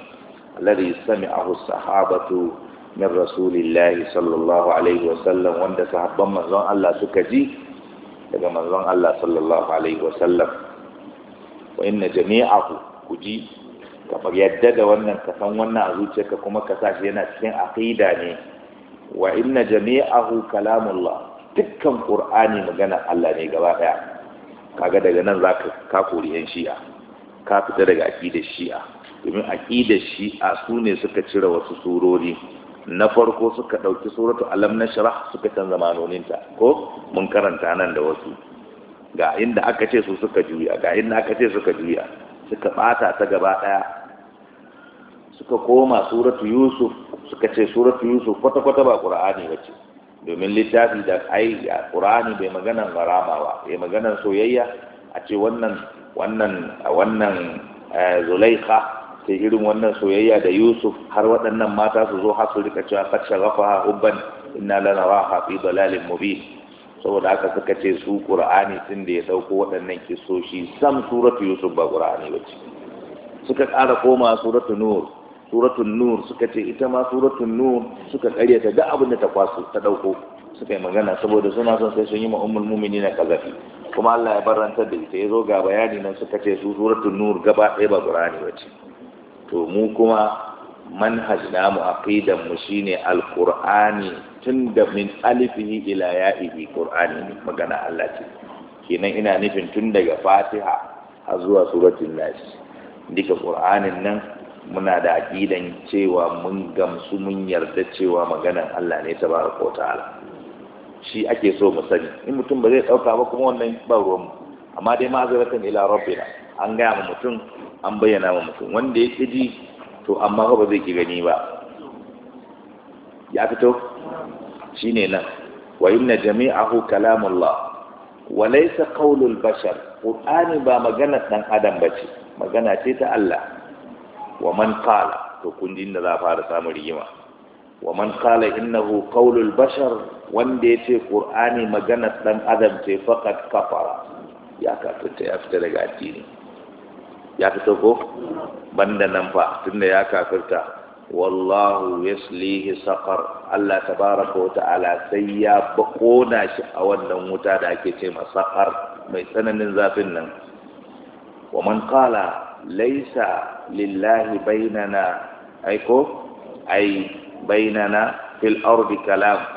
alladhi sami'ahu sahabatu min rasulillahi sallallahu alaihi wa sallam wanda sahabban manzon Allah suka ji daga manzon Allah sallallahu alaihi wa sallam wa inna jami'ahu ku ji ka yadda da wannan ka san wannan a zuciyarka kuma ka sa shi yana cikin aqida ne wa inna jami'ahu kalamullah dukkan qur'ani magana Allah ne gaba daya kaga daga nan zaka ka kori yan shi'a ka fita daga aqidar shi'a domin aqidar shi'a su ne suka cire wasu surori na farko suka dauki suratu alam nashrah suka canza manoninta ko mun karanta nan da wasu ga inda aka ce su suka juya ga inda aka ce suka juya suka bata ta gaba daya suka koma suratu yusuf suka ce suratu yusuf kwata-kwata ba qur'ani bace domin littafi da ai qur'ani bai magana garama ba bai magana soyayya a ce wannan wannan wannan eh, zulaikha ta irin wannan soyayya da Yusuf har waɗannan mata su zo har su rika cewa qad rafa hubban inna raha fi dalalin mubin saboda haka suka ce su ƙura'ani tun da ya dauko waɗannan kisoshi sam suratu yusuf ba ƙura'ani ba ce suka ƙara koma suratu nur suratu nur suka ce ita ma suratu nur suka karyata duk abin da ta kwaso ta ɗauko suka yi magana saboda suna son sai sun yi ma ummul na kazafi kuma Allah ya barantar da ita "Ya zo ga bayani nan suka ce su suratu nur gaba ɗaya ba ƙura'ani ba ce to mu kuma manhaj namu aqidan mu shine alqur'ani tun da min alifihi ila ya'ihi qur'ani ne magana Allah ce kenan ina nufin tun daga fatiha har zuwa suratul nas duka qur'anin nan muna da aqidan cewa mun gamsu mun yarda cewa maganan Allah ne tabaraka wa ta'ala shi ake so mu sani in mutum ba zai dauka ba kuma wannan ba ruwan mu amma dai ma ma'azaratan ila rabbina an gaya ma mutum an bayyana ma mutum wanda ya ji to amma ba zai ki gani ba ya fito Shi ne nan wa inna jami'ahu kalamullah wa laysa qawlul bashar qur'ani ba magana dan adam bace magana ce ta Allah wa man qala to kun ji inda za fara samun rigima wa man qala innahu qawlul bashar wanda ya ce qur'ani magana ɗan adam ce faqad kafara ya kafirta ya fita daga addini ya fito ko banda nan fa tunda ya kafirta wallahu yaslihi saqar Allah tabaraka wa ta'ala sai ya bakona shi a wannan wuta da ake ce masaqar mai tsananin zafin nan wa man qala laysa lillahi bainana aiko ai bainana fil risalata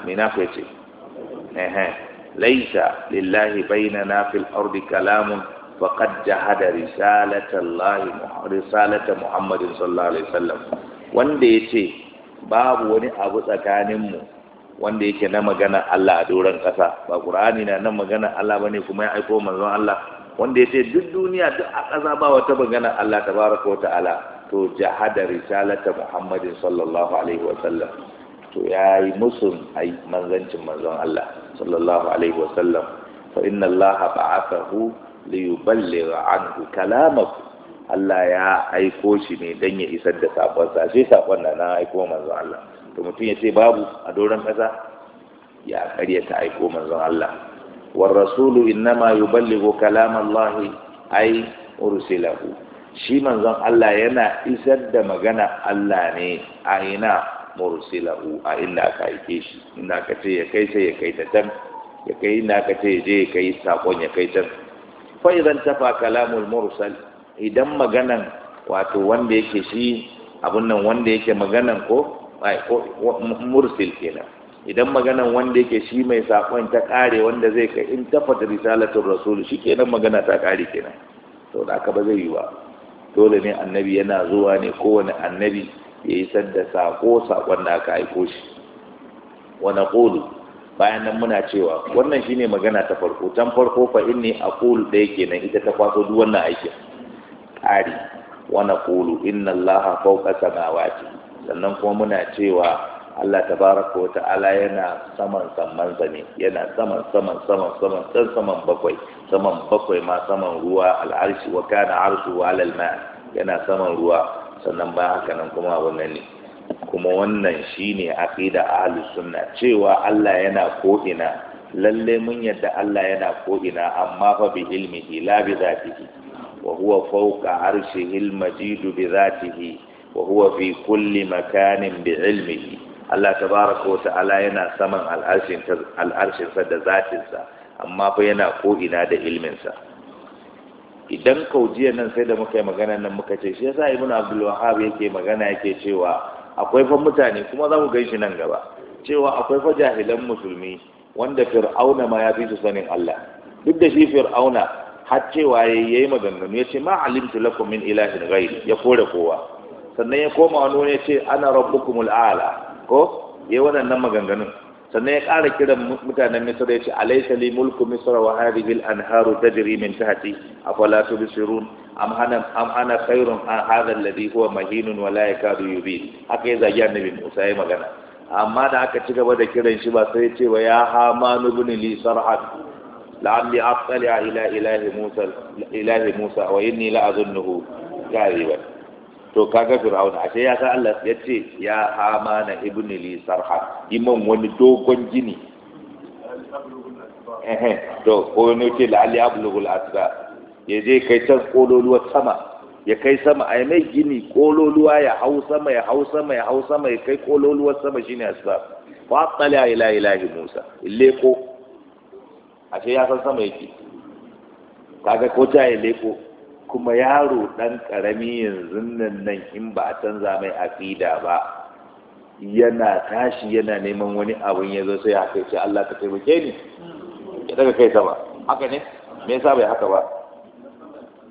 Allah Muhammadin sallallahu alaihi wanda ya ce babu wani abu tsakaninmu wanda yake na magana Allah a doron ƙasa ba ƙur'ani na nan magana Allah ne kuma ya aiko manzon Allah wanda ya ce duk duniya duk a ƙasa ba wata magana Allah ta tabaraka wa ta'ala to jahada risalata Muhammadin sallallahu alaihi wa sallam to yayi musun yi manzancin manzon Allah sallallahu alaihi wa sallam fa inna Allah ba'athahu liyuballigha anhu kalamahu Allah ya aiko shi ne don ya isar da sakonsa shi sakon da na aiko manzon Allah to mutum ya ce babu a doron ƙasa ya karya ta aiko manzon Allah war rasulu innama yuballighu kalam Allah ai ursilahu shi manzon Allah yana isar da magana Allah ne a ina mursilahu a inda aka aike shi inda ce ya kai sai ya kai ta can ya kai inda aka ce ya je ya kai sakon ya kai can fa idan tafa kalamul mursal idan maganan wato wanda yake shi abun nan wanda yake maganan ko mursil kenan idan maganan wanda yake shi mai sakon ta kare wanda zai kai in tafata risalatul rasul shi kenan magana ta kare kenan to da aka ba zai yi ba dole ne annabi yana zuwa ne kowane annabi ya yi sadda sako sakon da aka aiko shi wa naqulu bayan nan muna cewa wannan shine magana ta farko tan farko fa inni aqulu da yake nan ita ta kwaso duk wannan aikin Ari wani Kulu, inna allaha fauka samawati sannan kuma muna cewa Allah tabaraka wa ta'ala yana saman saman ne yana saman saman saman saman san saman bakwai saman bakwai ma saman ruwa al'arshi wa kana arshi wa alalma yana saman ruwa sannan ba haka nan kuma wannan ne kuma wannan shine aqida a sunna cewa Allah yana ko'ina, lalle mun yadda Allah yana ko'ina, amma fa bi ilmihi la bi zatihi وهو فوق عرشه المجيد بذاته وهو في كل مكان بعلمه الله تبارك وتعالى ينا سمن العرش العرش فد ذاتنسا amma fa yana ko ina da ilminsa idan kaujiya nan sai da muka yi magana nan muka ce shi yasa ibnu abdul wahhab yake magana yake cewa akwai fa mutane kuma za mu gaishe nan gaba cewa akwai fa jahilan musulmi wanda fir'auna ma ya fi su sanin Allah duk da shi fir'auna har cewa yayi maganganu ya ce ma alimtu lakum min ilahin ghairi ya kore kowa sannan ya koma wani ya ce ana rabbukumul a'la ko yayi waɗannan maganganun sannan ya ƙara kiran mutanen misra ya ce alaysa li mulku misra wa hadhihi al anharu tajri min tahti afala tubsirun am ana am ana khairun an hadha alladhi huwa mahinun wa la yakadu yubin haka ya zagi annabi Musa ya magana amma da aka ci gaba da kiran shi ba sai ya ce wa ya hamanu ibn li sarhat la'alli attali'a ila ilahi musa ilahi musa wa inni la azunnuhu kariban to kaga fir'auna ashe ya san Allah ya ce ya hamana ibn li sarha imam wani dogon gini eh to ko ne ce la'alli ablughul asra ya je kai can kololuwar sama ya kai sama ai mai gini kololuwa ya hau sama ya hau sama ya hau sama ya kai kololuwar sama shine asra fa attali'a ila ilahi musa ille ko ashe ya san sama yake kaga ko ta yi leko kuma yaro dan karami yanzu nan nan in ba a canza mai aqida ba yana tashi yana neman wani abun ya zo sai ya kai ce Allah ka taimake ni ya daga kai sama haka ne me yasa bai haka ba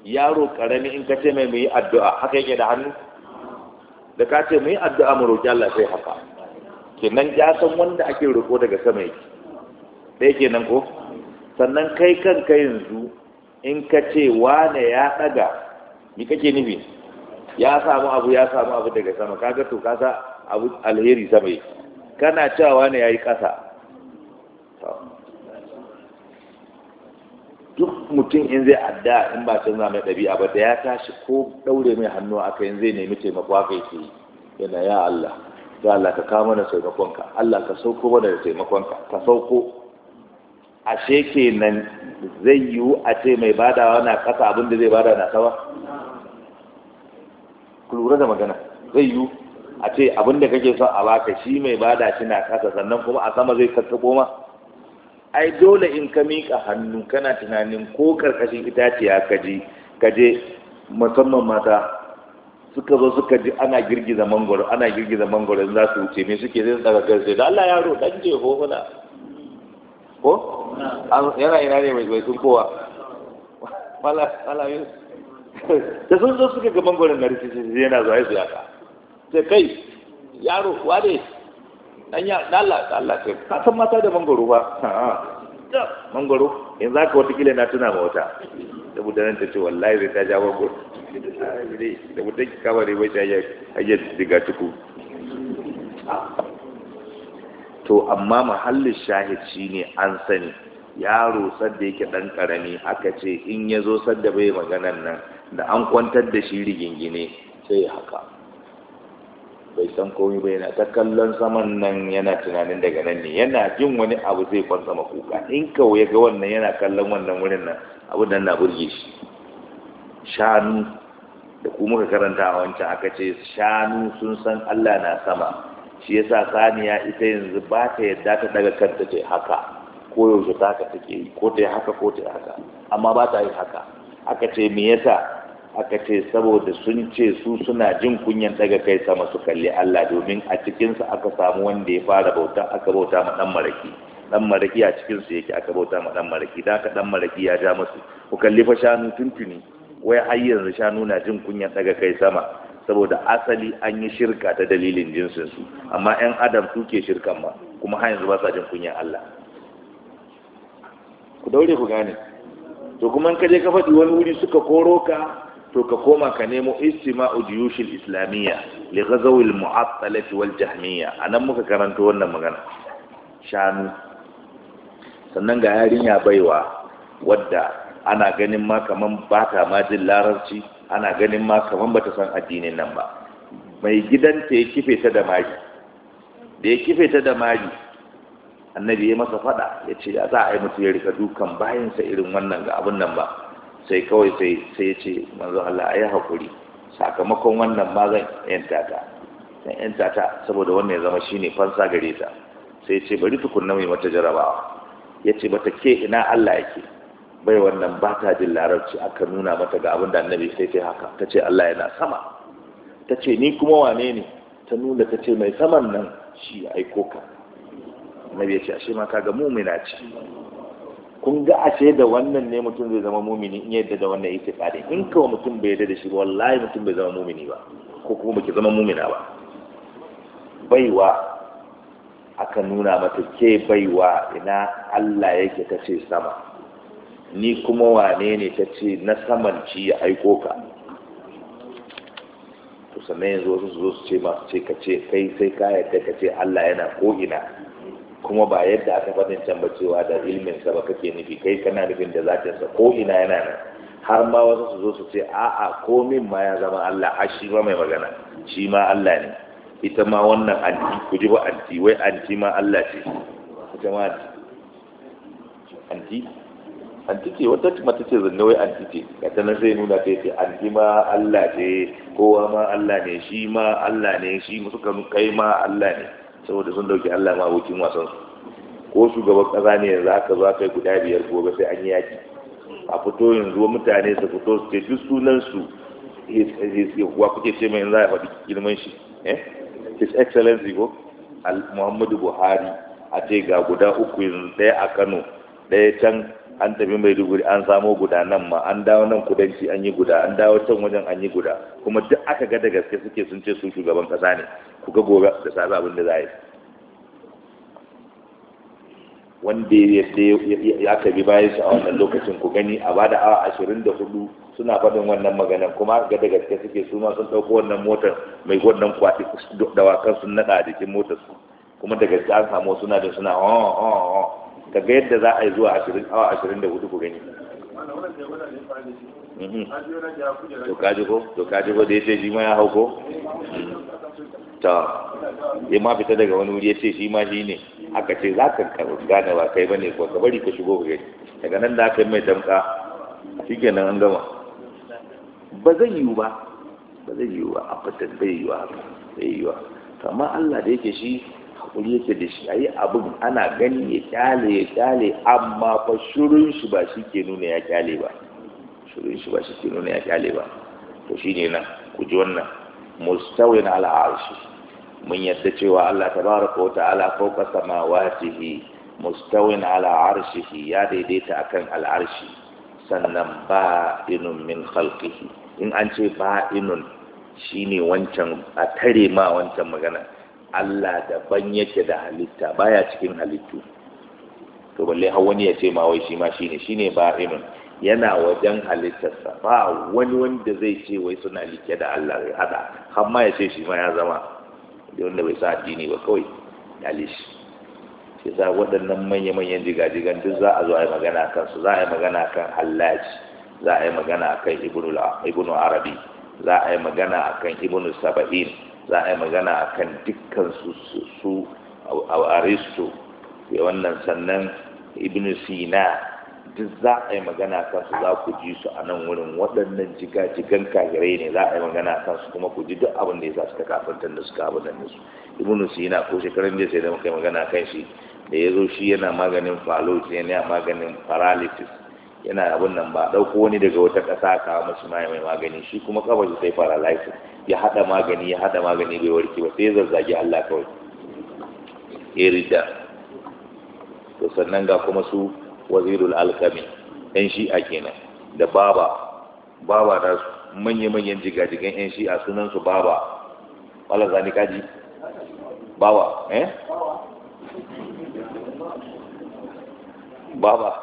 yaro karami in ka ce mai mu yi addu'a haka yake da hannu da ka ce mu yi addu'a mu roki Allah sai haka kenan ya san wanda ake roko daga sama yake da yake nan ko sannan kai kanka yanzu in ka ce wane ya daga mi kake nufi ya samu abu ya samu abu daga sama kaga to kasa abu alheri sama yi kana cewa wane ya yi ƙasa duk mutum in zai adda in ba can zama ɗabi'a ba da ya tashi ko ɗaure mai hannu aka yin zai nemi taimako aka yi yana ya Allah ya Allah ka kama mana taimakonka Allah ka sauko mana da taimakonka ka sauko ashe kenan zai yiwu a ce mai badawa na kasa abinda da zai bada na sawa? ku lura da magana zai yiwu a ce abinda da kake son a baka shi mai bada shi na kasa sannan kuma a sama zai kakkaɓo ma ai dole in ka miƙa hannu kana tunanin ko karkashin itaciya ka je ka je musamman mata suka zo suka ji ana girgiza mangoro ana girgiza mangoro za su wuce me suke zai tsaka kai sai da Allah yaro dan je ho mana ko yana ina ne mai sun kowa malamin da sun zo suka ga mangwaron na rikici sai yana zuwa su yaka sai kai yaro wane dan ya dalla dalla sai ka san mata da mangoro ba mangwaro in za ka watakila na tuna ma wata da budanan ta ce wallahi zai ta ja mangwaro da budan ki kama ne bai ta hanyar diga tuku to amma mahallin shahid ne an sani yaro sadda yake ɗan karami aka ce in ya zo sadda bai maganan nan da an kwantar da shi rigingine sai haka bai san komai ba yana ta kallon saman nan yana tunanin daga nan ne yana jin wani abu zai kwanta makuka in kawai ya ga wannan yana kallon wannan wurin nan abu nan na burge shi shanu da kuma karanta a wancan aka ce shanu sun san Allah na sama shi yasa saniya ita yanzu ba ta yadda ta daga kanta ta haka ko yaushe ta haka take yi ko ta haka ko ta haka amma ba ta yi haka aka ce me yasa aka ce saboda sun ce su suna jin kunyan daga kai sama su kalli Allah domin a cikinsu aka samu wanda ya fara bauta aka bauta ma dan maraki dan maraki a cikinsu yake aka bauta ma dan maraki da aka dan maraki ya ja musu ku kalli fa shanu tuntuni wai har yanzu shanu na jin kunyan daga kai sama saboda asali an yi shirka ta dalilin jinsinsu amma 'yan adam suke shirkan ma kuma har yanzu ba sa jin kunyan Allah ku daure ku gane to kuma ka je ka faɗi wani wuri suka koro ka to ka koma ka nemo istima'u jiyushil islamiyya li ghazawil mu'attalati wal jahmiyya anan muka karanta wannan magana shanu sannan ga yarinya baiwa wadda ana ganin ma kaman ba ta ma jin larabci ana ganin ma kamar bata san addinin nan ba mai gidanta ya kife ta da mari da ya kife ta da mari annabi ya masa fada ya ce za a yi mutu ya rika dukan bayansa irin wannan ga abin nan ba sai kawai sai sai ya ce manzo Allah ayi hakuri sakamakon wannan ma zan yanta ta zan yanta ta saboda wannan ya zama shine fansa gare ta sai ya ce bari tukunna mai mata jarabawa ya ce ta ke ina Allah yake bai wannan ba ta jin larabci aka nuna mata ga abin da annabi sai sai haka ta ce Allah yana sama ta ce ni kuma wane ne ta nuna ta ce mai saman nan shi ya aiko ka annabi ya ce ashe ma kaga mumina ce kun ga ashe da wannan ne mutum zai zama mumini in yadda da wannan yake tsare in kawo mutum bai yadda da shi wallahi mutum bai zama mumini ba ko kuma baki zama mumina ba baiwa aka nuna mata ke baiwa ina Allah yake ta ce sama ni kuma wane ne ta ce na samanci ya aiko ka to sannan yanzu wasu su zo su ce masu ce ka ce kai sai ka yadda ka ce Allah yana ko'ina kuma ba yadda aka fadin can ba cewa da ilminsa ba kake nufi kai kana nufin da ko ko'ina yana nan har ma wasu su zo su ce a'a komin ma ya zama Allah har shi ma mai magana shi ma Allah ne ita ma wannan anti ku ji ba anti wai anti ma Allah ce ita ma anti anti ce wata mata ce zanne wai anti ce ga ta sai nuna ta yace anti ma Allah ce kowa ma Allah ne shi ma Allah ne shi musu kan kai ma Allah ne saboda sun dauki Allah ma abokin wasan su ko shugaban kasa ne yanzu aka zo aka yi guda biyar gobe sai an yi yaki a fito yanzu mutane su fito su ce duk sunan su wa kuke ce mai za a faɗi girman shi eh his excellency ko Muhammadu Buhari a ce ga guda uku yanzu ɗaya a Kano ɗaya can an tafi maiduguri an samo guda nan ma an dawo nan kudanci an yi guda an dawo can wajen an yi guda kuma duk aka ga da gaske suke sun ce su shugaban kasa ne ku ga gobe da sa abin da za a yi wanda ya aka bi bayan su a wannan lokacin ku gani a ba da awa ashirin da hudu suna faɗin wannan maganan kuma ga da gaske suke su ma sun ɗauko wannan motar mai wannan kwaɗi dawakan sun naɗa a jikin motar su kuma da gaske an samu suna da suna oh, oh, oh. daga yadda za a yi zuwa ashirin awa ashirin da hudu ku gani mhm. to kaji ko to kaji ko da ya ce shi ma ya hau ko mhm. ta ya ma fita daga wani wuri ya ce shi ma shi ne aka ce za ka gane ba kai bane ko ka bari ka shigo ka gani daga nan da aka yi mai damka shikenan an gama ba zai yiwu ba ba zai yiwu ba a fitar bai yiwu ba, bai yiwu amma Allah da yake shi hakuri yake da shi ayi abin ana gani ya kyale ya kyale amma fa shirin shi ba shi ke nuna ya kyale ba shirin shi ba shi ke nuna ya kyale ba to shine nan ku ji wannan mustawin ala arshi mun yadda cewa Allah tabaraka wa ta'ala fawqa samawatihi mustawin ala arshihi ya daidaita akan al'arshi sannan ba inun min khalqihi in an ce ba inun shine wancan a tare ma wancan magana Allah daban yake da halitta baya cikin halittu to balle har wani ya ce ma wai shi ma shine shine ba'imin yana wajen halittarsa ba wani wanda zai ce wai suna like da Allah ya hada har ma ya ce shi ma ya zama da wanda bai sa addini ba kawai dalishi sai za waɗannan manya-manyan jigajigan duk za a zo a yi magana kan su za a yi magana kan hallaji za a yi magana kan ibnu arabi za a yi magana kan ibnu saba'in za a yi magana a kan dukkan su aristo wannan sannan ibn sina duk za a yi magana kan su za ku ji su a nan wurin waɗannan jigajigan kagirai ne za a yi magana kan su kuma ku ji duk abin da ya sa suka kafinta da suka abin da su ibn sina ko shekarun da sai da muka yi magana kan shi da ya zo shi yana maganin falo yana maganin paralysis yana abin nan ba ɗauko wani daga wata kasa kawo musu mai mai magani shi kuma kawai sai fara paralysis ya haɗa magani ya haɗa magani bai warke ba sai zazzage Allah kawai irida to sannan ga kuma su wazirul alkami yan shi'a kenan da baba baba na manya-manyan jigajigan yan shi'a sunan su baba wala zani kaji baba eh baba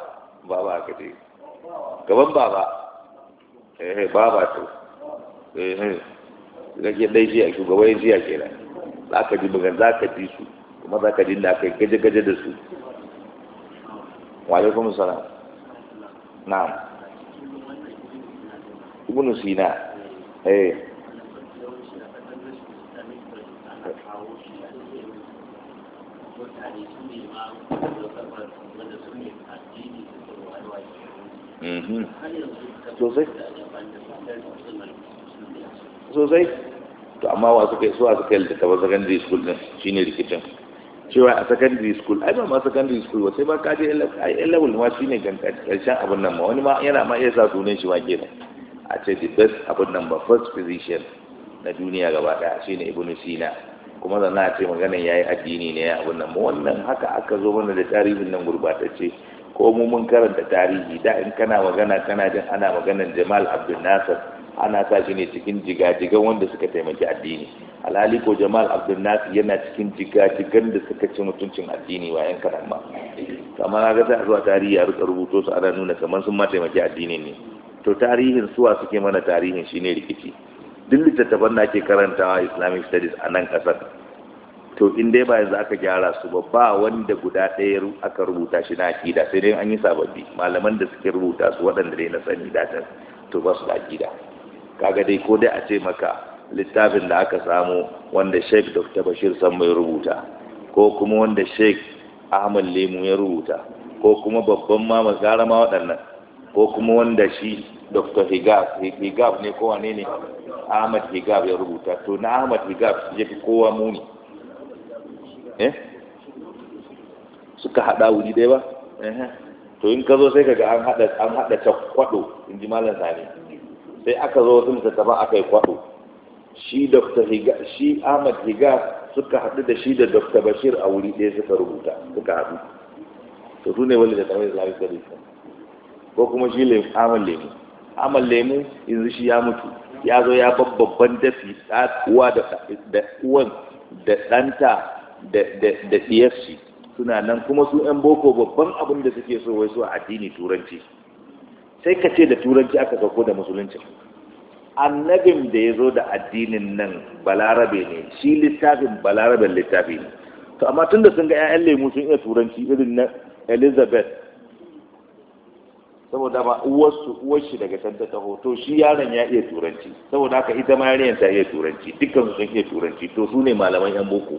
baba ka ce gaban baba eh, eh baba to eh gaje eh. dai jiya shugaban jiya kenan za ka ji bugan za ka ji su kuma za ka ji da aka gaje gaje da su wa alaikum salam na'am ibnu sina eh mutane su Mhm. sosai sosai to amma wa suka su a suka yi littattafan secondary school din shine rikicin cewa a secondary school ai ba ma secondary school ba sai ba ka je ai level ma shine karshen abin nan ma wani ma yana ma iya sa sunan shi ma kenan a ce the best abin nan ba first position na duniya gaba daya shine ibnu sina kuma zan na ce maganan yayi addini ne abin nan mu wannan haka aka zo mana da tarihin nan gurbatacce ko mu mun karanta tarihi da in kana magana kana jin ana maganan Jamal Abdul Nasir ana sa shi ne cikin jigajigan wanda suka taimaki addini alhali ko Jamal Abdul Nasir yana cikin jigajigan da suka ci mutuncin addini wa yan karan ma kamar na ga zuwa tarihi a rika rubuto su ana nuna kamar sun ma taimaki addini ne to tarihin suwa suke mana tarihin shine rikici duk littattafan da ake karantawa Islamic studies a nan kasar to in dai ba yanzu aka gyara su ba ba wanda guda ɗaya aka rubuta shi na akida sai dai an yi sababbi malaman da suke rubuta su waɗanda dai na sani datan to ba su da akida kaga dai ko dai a ce maka littafin da aka samu wanda sheik dr bashir san ya rubuta ko kuma wanda sheik ahmad lemu ya rubuta ko kuma babban ma gara ma waɗannan ko kuma wanda shi dr higab higab ne wane ne ahmad higab ya rubuta to na ahmad higab ya fi kowa muni eh suka hada wuri dai ba to in ka zo sai kaga an hada an hada ta kwado in ji malam sani sai aka zo wasu littattafan aka yi kwado shi dr higa shi ahmad higa suka hadu da shi da dr bashir a wuri ɗaya suka rubuta suka hadu to su ne wani da tsamai islamic studies ko kuma shi amal lemu amal lemu yanzu shi ya mutu ya zo ya babban dafi uwa da uwan da ɗanta da siyarci suna nan kuma su 'yan boko babban abin da suke so wai su a addini turanci sai ka ce da turanci aka sauko da musulunci annabin da ya zo da addinin nan balarabe ne shi littafin balaraben littafi ne to amma tun da sun ga 'ya'yan lemu sun iya turanci irin na elizabeth saboda ba uwarsu uwarshi daga can ta taho to shi yaron ya iya turanci saboda haka ita ma yarinyar ta iya turanci dukkan su sun iya turanci to su ne malaman yan boko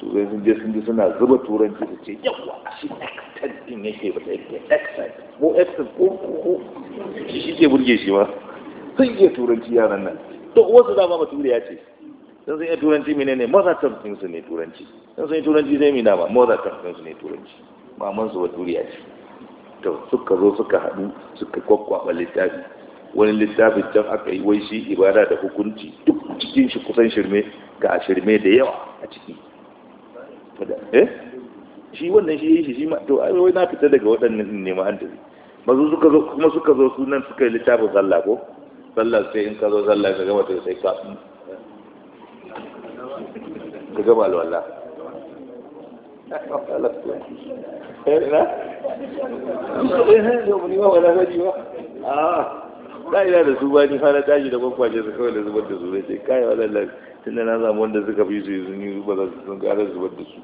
su zai sun je sun ji suna zuba turanci su ce yawa a shi daktar din yake ba da yake daktar ko daktar ko ko shi shi ke burge shi ma sun iya turanci yaran nan to wasu dama ba turiya ce sun san iya turanci mene ne mother tongue din su ne turanci sun san turanci zai mina ba mother tongue din su ne turanci maman su ba turiya ce to suka zo suka haɗu suka kwakwaba littafi wani littafin can aka yi wai shi ibada da hukunci duk cikin shi kusan shirme ga ashirme da yawa a ciki eh? shi wannan shi shi shi ma to ai wai na fita daga waɗannan nema ma hankali mazu suka zo kuma suka zo sunan suka yi littafin sallah ko sallah sai in ka zo sallah ka gama sai ka ka gama alwala eh, eh, eh ba ba ba ah. ba ba ba ba ina da su ba ni fara tashi da kwakwashe su kawai da zubar da su da ce kai wadannan tun da na samu wanda suka fi su yi sun yi ba za su sun gara zubar da su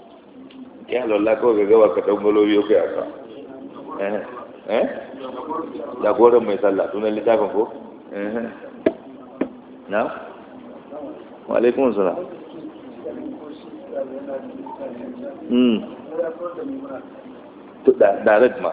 ya halalla kawai ga gaba ka dan galo biyo kai aka eh, eh jagoran mai sallah sunan littafin ko eh. na wa alaikum salam mm to da da ma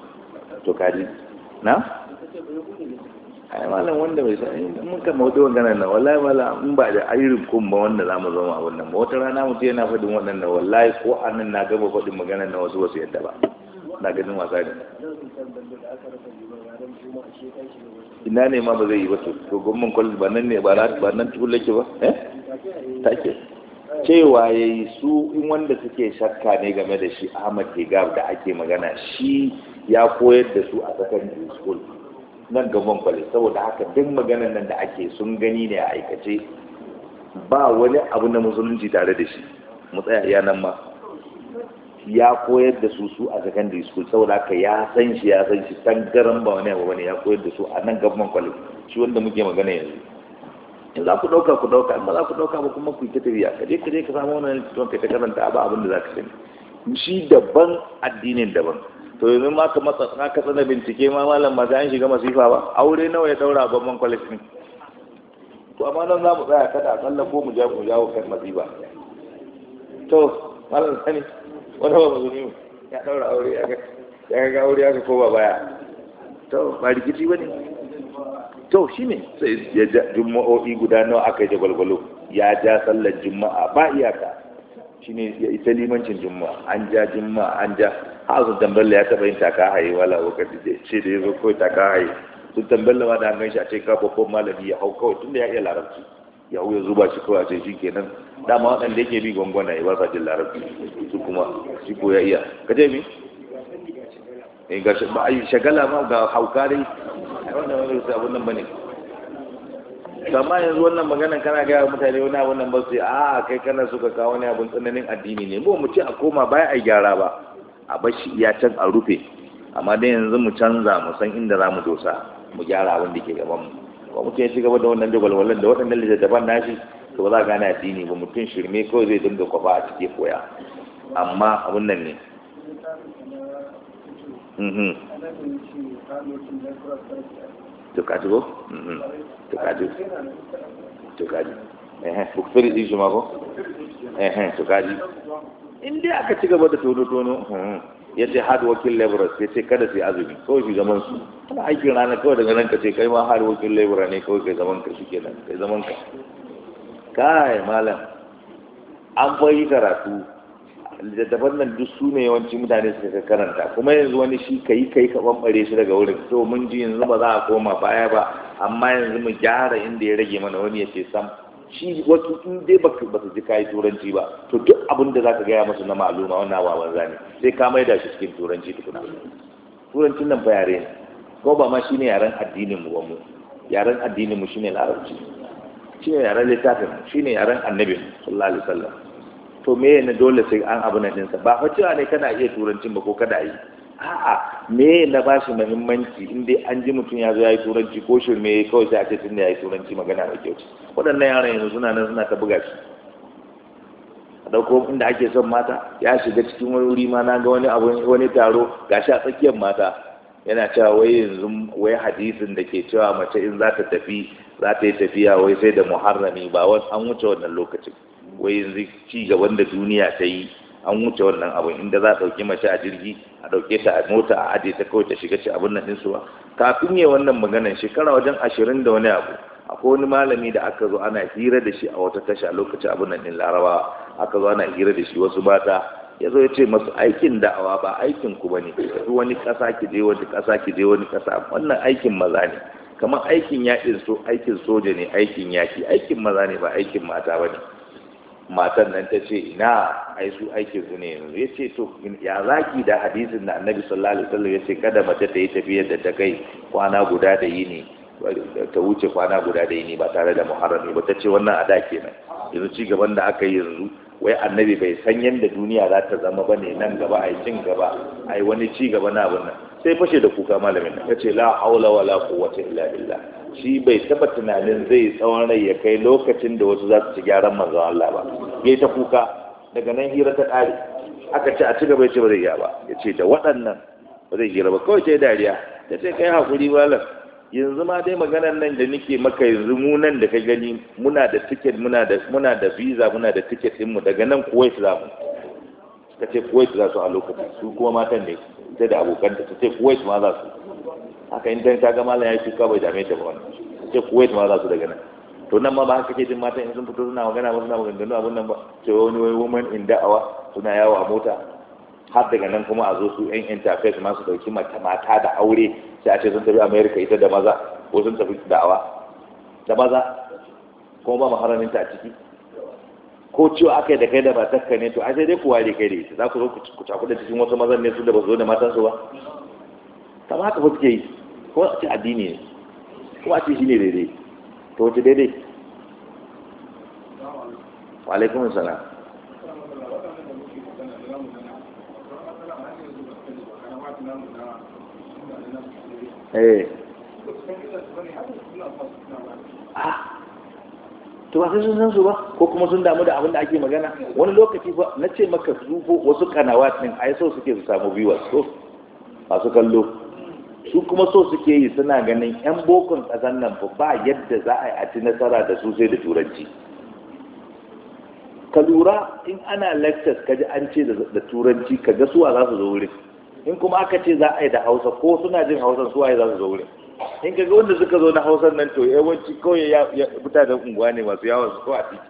to kaji na ai malam wanda bai sani mun ka mawdu wannan na wallahi malam in ba da ayyukan kun ba wanda zamu mu abun nan ba wata rana mutum yana faɗin na wallahi ko anan na gaba fadin magana na wasu wasu yadda ba na ganin wasa da ina ne ma ba zai yi ba to to gwamnan kwalli ba nan ne ba ba nan tukulle ke ba eh take cewa yayi su in wanda suke shakka ne game da shi Ahmad Tegab da ake magana shi ya koyar da su a secondary school nan gaban kwale saboda haka duk maganan nan da ake sun gani ne a aikace ba wani abu na musulunci tare da shi mu tsaya iya nan ma ya koyar da su su a secondary school saboda haka ya san shi ya san shi tangaran ba wani abu bane ya koyar da su a nan gaban kwale shi wanda muke magana yanzu in za ku ɗauka ku ɗauka in za ku ɗauka ba kuma ku yi tafiya ka je ka je ka samu wannan littattafan ka ta karanta ba abin da za ka sani shi daban addinin daban to yanzu ma ka matsa na ka tsana bincike ma malam ba zai shiga masifa ba aure nawa ya daura gwamnan kwalis ne to amma nan za mu tsaya kada kallon ko mu jawo mu jawo kan masifa to malam sani wani ba mazuni ya daura aure ya ga aure ya ga ko baya to ba rikici ba ne to shi ne sai ya ja jumma'o'i guda nawa aka yi gwalgwalo ya ja sallar juma'a ba iyaka shi ne ya ita limancin juma'a an ja juma'a an ja hazu tamballa ya taba yin taka haye wala wakati da ce da zo kawai taka haye sun tamballa ma da an ganshi a ce ka babban malami ya hau kawai tunda ya iya larabci ya hau ya zuba shi kawai a ce shi kenan dama waɗanda yake bi gwangwana ya ba sa jin larabci su kuma shi ko ya iya ka ce mi eh shagala ma ga hauka dai wannan wani abun nan bane kama yanzu wannan maganan kana gaya mutane wani abun nan ba su yi a kai kana suka kawo wani abun tsananin addini ne mu mu ce a koma baya a gyara ba a bashi iya can a rufe amma dai yanzu mu canza mu san inda za mu dosa mu gyara abin da ke gaban mu ba mutum ya ci gaba da wannan jagwalwalan da waɗannan littattafan nashi to ba za a gane addini ba mutum shirme kawai zai dinga kwafa a cike koya amma abin nan ne mhm. tukatugo mhm. ehe bukfiri ɗin ehe in dai aka ci gaba da tono tono hmm, ya ce hard working laborers ya ce kada sai azumi kawai shi zaman su kana aikin rana kawai daga nan ka ce kai ma hard working laborer ne kawai kai zaman ka shi kenan kai zaman ka kai malam an bai karatu littattafan nan duk su ne yawanci mutane suka karanta kuma yanzu wani shi ka yi kai ka bambare shi daga wurin to mun ji yanzu ba za a koma baya ba amma yanzu mu gyara inda ya rage mana wani ya ce sam shi wasu in dai ba su ji kayi turanci ba to duk abin da za ka gaya masu na ma'aluma wannan wawan zane sai ka da shi cikin turanci tukuna turancin nan ba yare ko ba ma shi ne yaren addinin mu mu yaren addinin mu shine larabci shine yaren littafin mu shine yaren annabi sallallahu alaihi wasallam to me ne dole sai an abu na ba fa cewa ne kana iya turancin ba ko kada yi a'a me na ba shi muhimmanci in dai an ji mutum ya zo ya yi turanci ko me kawai sai a ce tun da ya yi turanci magana mai kyau waɗannan yaran yanzu suna nan suna ta buga shi a ɗauko inda ake son mata ya shiga cikin wani wuri ma na ga wani abu wani taro gashi a tsakiyar mata yana cewa wai yanzu wai hadisin da ke cewa mace in za ta tafi za ta yi tafiya wai sai da muharrami ba wani an wuce wannan lokacin wai yanzu ci gaban da duniya ta yi an wuce wannan abin inda za a ɗauki mace a jirgi a ɗauke ta a mota a aje ta kawai ta shiga ci abin nan ɗinsu ba kafin yi wannan maganan shekara wajen ashirin da wani abu akwai wani malami da aka zo ana hira da shi a wata tasha lokacin abin nan ɗin larabawa aka zo ana hira da shi wasu mata ya zo ya ce masu aikin da'awa ba aikin ku bane ki wani ƙasa ki je wani ƙasa ki je wani ƙasa wannan aikin maza ne kamar aikin yaƙin so aikin soja ne aikin yaƙi aikin maza ne ba aikin mata bane matan nan ta ce ina ai su aikin su ne yanzu ya ce to ya zaki da hadisin da annabi sallallahu alaihi wasallam ya ce kada mace ta yi tafiyar da ta kai kwana guda da yini ta wuce kwana guda da yini ba tare da muharrami ba ta ce wannan a da kenan yanzu ci gaban da aka yi yanzu wai annabi bai san yadda duniya za ta zama ba ne nan gaba a yi cin gaba a yi wani ci gaba na abin nan sai fashe da kuka malamin nan ce la haula wala quwwata illa billah shi bai taba tunanin zai tsawon rai ya kai lokacin da wasu za su ci gyaran manzon Allah ba yayi ta kuka daga nan hira ta kare aka ce a ci gaba ya ce ba zai yi ba ya ce da waɗannan ba zai hira ba kawai ta dariya ta ce kai hakuri malam yanzu ma dai maganar nan da nike maka yanzu mu nan da ka gani muna da ticket muna da muna da visa muna da ticket din mu daga nan Kuwait za mu ka ce Kuwait za su a lokacin su kuma matan ne ita da abokan ta ce Kuwait ma za su haka in dan kaga mallan ya shuka bai dame ta ba wannan ce Kuwait ma za su daga nan to nan ma ba haka kake jin matan in sun fito suna magana ba suna maganganu abun nan ba ce wani wai woman in da'awa suna yawo a mota har daga nan kuma a zo su yan interface ma su dauki mata mata da aure sai a ce sun tafi america ita da maza ko sun tafi da'awa da maza kuma ba maharaminta a ciki ko ciwo aka yi da kai da ba takka ne to a sai dai kuwa da kai da ita za ku zo ku da cikin wasu mazan ne su da ba su zo da su ba kama haka fuske yi ko a ce addini ne ko a ce shi ne daidai to wace daidai wa alaikun salam Eh. Ah. to ba sai sun san su ba ko kuma sun damu da abin da ake magana wani lokaci ba na ce maka su ko wasu kanawa din ai so suke su samu biwa so masu kallo su kuma so suke yi suna ganin yan bokon kasan nan ba yadda za a yi a ci nasara da su sai da turanci ka lura in ana lectures kaji an ce da turanci ka ga suwa za su zo wurin in kuma aka ce za a yi da hausa ko suna jin hausa su waye za su zo wurin in ka ga wanda suka zo na hausan nan to yawanci kawai ya mutanen unguwa ne masu yawon su a titi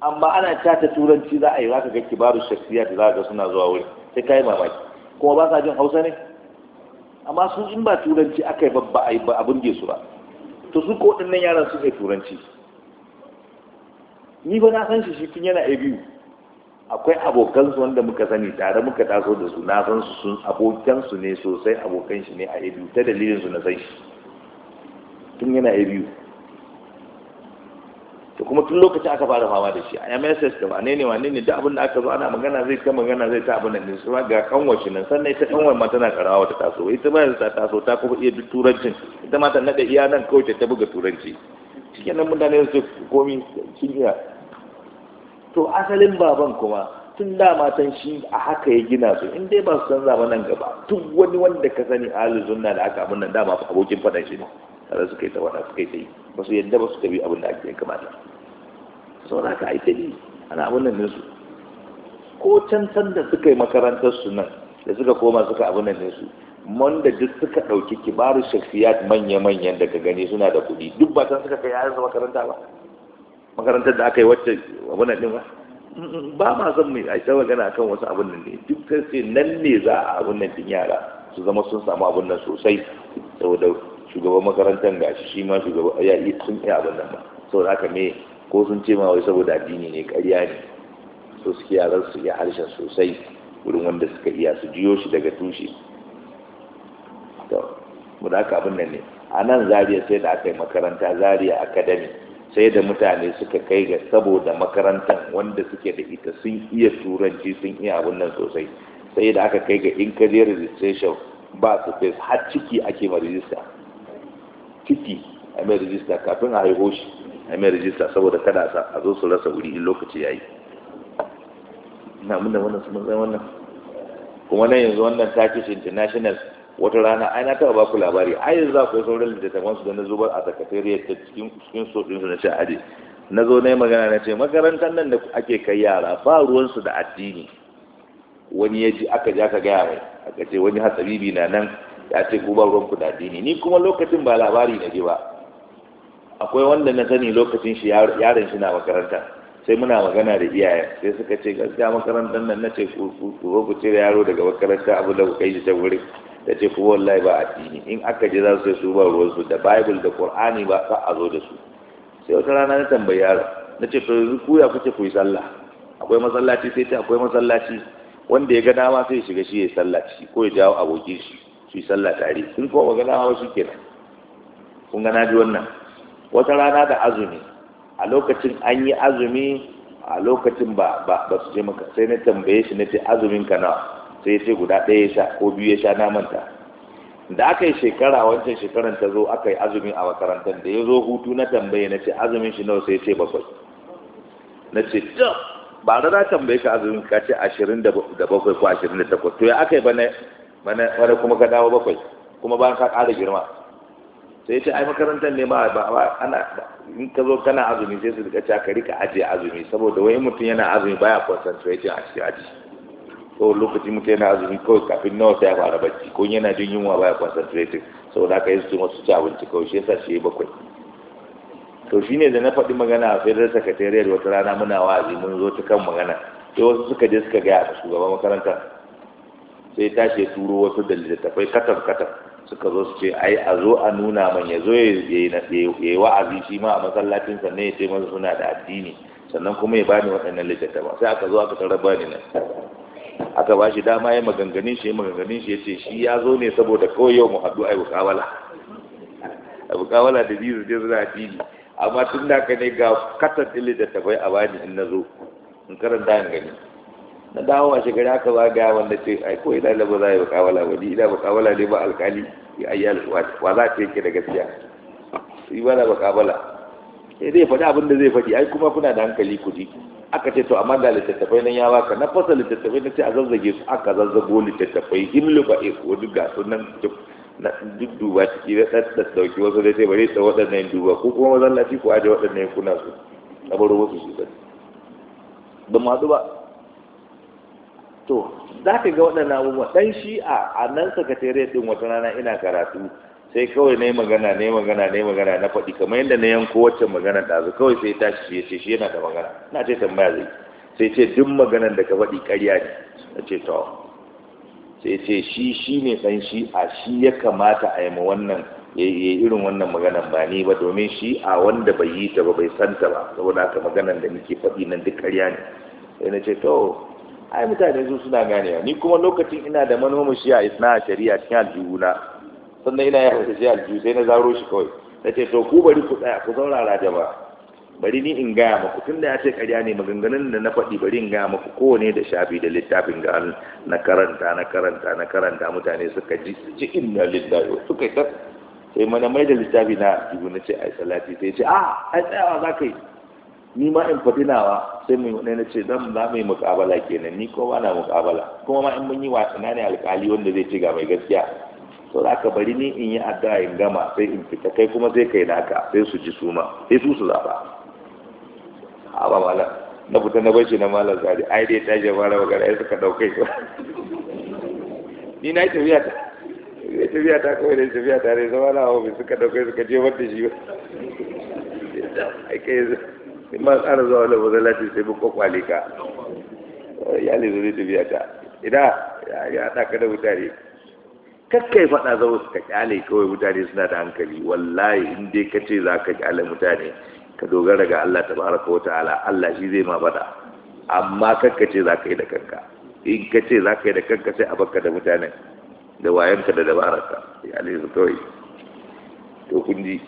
amma ana cata turanci za a yi za ka ga kibarun shaksiya da za ka ga suna zuwa wurin sai ka yi mamaki kuma ba sa jin hausa ne amma su in ba turanci aka yi babba a yi su ba to su ko ɗin nan yaran su ne turanci ni ba na san shi shi tun yana a biyu akwai abokansu wanda muka sani tare muka taso da su na san su sun abokansu ne sosai abokan shi ne a abu ta dalilin su na san shi tun yana abu to kuma tun lokacin aka fara fama da shi a MSS da wane ne wane ne duk abin da aka zo ana magana zai ta magana zai ta abin da ne su ga kanwashi nan sannan ita kanwar ma tana karawa ta taso ita ma ta taso ta kuma iya duk turancin ita ma ta nada iya nan kawai ta buga turanci cikin nan mutane su komi cinya to asalin baban kuma tun da matan shi a haka ya gina su in dai ba su canza ba nan gaba tun wani wanda ka sani ahalin sunna da aka abin nan dama abokin faɗan shi ne kada su kai ta su kai tsaye yi ba su yadda ba su kabi abin da ake kamata saboda aiki ai tabi ana abin nan su ko can can da suka yi makarantar su nan da suka koma suka abin nan su wanda duk suka ɗauki kibaru shafiyat manya-manyan daga gani suna da kuɗi duk ba can suka kai yaran su makaranta ba makarantar da aka yi wacce abin nan ba ba ma zan mai aita magana kan wasu abin nan ne duk sai nan ne za a abin nan din yara su zama sun samu abin nan sosai saboda shugaban makarantar ga shi ma shugaba ya yi sun iya abin nan ba saboda haka me ko sun ce ma wai saboda addini ne ƙarya ne so suke yaran su iya harshen sosai wurin wanda suka iya su jiyo shi daga tushe to mu da haka abin nan ne a nan zariya sai da aka yi makaranta zariya academy sai da mutane suka kai ga saboda makarantar wanda suke da ita sun iya turanci sun iya abin nan sosai sai da aka kai ga in ka je registration ba su face har ciki ake ma rijista ciki a mai rijista kafin a haihu shi a mai rijista saboda kada a zo su rasa wuri in lokaci ya yi na mun da wannan su mun wannan kuma nan yanzu wannan takishin international wata rana ai na taɓa ba ku labari ai yanzu akwai sauran littattafan su da na zubar a sakatariyar ta cikin cikin sojin su na ce aje na zo na yi magana na ce makarantar nan da ake kai yara ba ruwansu da addini wani ya ji aka ji aka gaya mai aka ce wani hatsabibi na nan ya ce ku ba ruwanku da addini ni kuma lokacin ba labari na ji ba akwai wanda na sani lokacin shi yaron shi na makarantar. sai muna magana da iyayen sai suka ce gaskiya makarantar nan na ce ku ku da yaro daga makaranta abu da ku kai shi ta wuri da ce kuma wallahi ba addini in aka je za su su ba ruwan su da bible da qur'ani ba sa a zo da su sai wata rana na tambayi yaro na ce to yanzu ku ya kuke ku yi sallah akwai masallaci sai ce akwai masallaci wanda ya ga dama sai ya shiga shi ya sallah shi ko ya jawo abokin shi su yi sallah tare sun ko ba ga dama ba shi kenan kun ga na ji wannan wata rana da azumi a lokacin an yi azumi a lokacin ba ba su je maka sai na tambaye shi na ce azumin ka nawa sai ya ce guda ɗaya ya sha ko biyu ya sha na manta da aka yi shekara wancan shekaran ta zo aka yi azumin a makarantar da ya zo hutu na tambaye na ce azumin shi nawa sai ya ce bakwai na ce ba da na tambaye ka azumin ka ce ashirin da bakwai ko ashirin da takwas to ya aka yi bane na kuma ka dawo bakwai kuma bayan ka ƙara girma sai ya ce ai makarantar ne ba ana in ka zo kana azumi sai su rika cewa ka rika ajiye azumi saboda wani mutum yana azumi baya concentrating a cikin aji ko lokaci mutum yana azumi kawai kafin nawa sai ya fara bacci ko yana jin yunwa baya concentrating saboda haka yi su masu ci abinci kawai shi yasa shi bakwai to ne da na faɗi magana a federal secretariat wata rana muna wa'azi mun zo ta kan magana sai wasu suka je suka gaya a shugaban makaranta sai tashi ya turo wasu da littattafai katam katam suka zo su ce ai a zo a nuna man ya zo ya yi wa'azi shi ma a masallacin sannan ya ce masa suna da addini sannan kuma ya bani waɗannan littattafa sai aka zo aka tarar bani nan aka ba shi dama ya maganganin shi ya maganganin shi ya ce shi ya zo ne saboda kawai yau mu haɗu ai bukawala A bukawala da biyu je suna addini amma tun da ka ne ga katar ɗin littattafai a bani in na zo in karanta in gani na dawo a shekaru aka ba ga wanda ce ai ko ina ba za a yi bakawala wani ina bukawala ne ba alkali ya ayyar wa za ta yake da gaskiya yi ba na bakawala sai eh, zai faɗi abin da zai faɗi ai kuma kuna da hankali kuɗi aka ce to amma da littattafai nan ya baka na fasa littattafai na ce a zazzage su aka zazzago littattafai himlu ba e ko duk ga sunan na duk duba ciki da ta dauki wasu da ce bari ta waɗannan duba ko kuma mazallaci ko aje waɗannan kuna su na baro wasu su ba ma su ba to za ka ga waɗannan abubuwa ɗan shi'a a nan sakatare ɗin wata rana ina karatu sai kawai na yi magana na yi magana na yi magana na faɗi kamar yadda na yanko wacce magana ɗazu kawai sai tashi ya ce shi yana da magana na ce tambaya zai sai ce duk maganar da ka faɗi ƙarya ne na ce to sai ce shi shi ne ɗan shi'a shi ya kamata a yi ma wannan ya yi irin wannan maganan ba ni ba domin shi a wanda bai yi ta ba bai santa ba saboda haka maganan da nake faɗi nan duk ƙarya ne sai na ce to ai mutane su suna ganewa ni kuma lokacin ina da shi a isna a shari'a cikin aljihuna sannan ina ya a aljihu sai na zaro shi kawai na ce to ku bari ku tsaya ku zaura, Raja jama'a bari ni in gaya maku tun da ya ce karya ne maganganun da na faɗi bari in gaya maku kowane da shafi da littafin ga na karanta na karanta na karanta mutane suka ji ji inna lillahi suka yi sai mana mai da littafi na aljihu na ce ai salati sai ce a ah, ai tsayawa za ka yi ni ma in fadinawa sai mu ne na ce dan za mu yi muƙabala kenan ni ko ba na muƙabala kuma ma in mun yi wasa na ne alƙali wanda zai ci ga mai gaskiya to za ka bari ni in yi addu'a in gama sai in fita kai kuma sai kai naka sai su ji suma sai su su zaba a ba malam na fita na bashi na malam zari ai dai ta je mara magana ai suka ɗaukai ni na yi tafiya ta tafiya ta kawai da tafiya tare zama na hau suka ɗaukai suka je wadda shi ba ai kai sai ma ƙara zuwa wani masallaci sai mun kwakwale ka ya ne zuri tafiya ta idan ya haɗa ka da mutane kakkai faɗa zama su ka kyale kawai mutane suna da hankali wallahi in dai ka ce za ka kyale mutane ka dogara ga Allah ta baraka wa ta'ala Allah shi zai ma faɗa amma kakka ce za ka yi da kanka in ka ce za ka yi da kanka sai a baka da mutanen da wayanka da dabararka ya ne su kawai to kun ji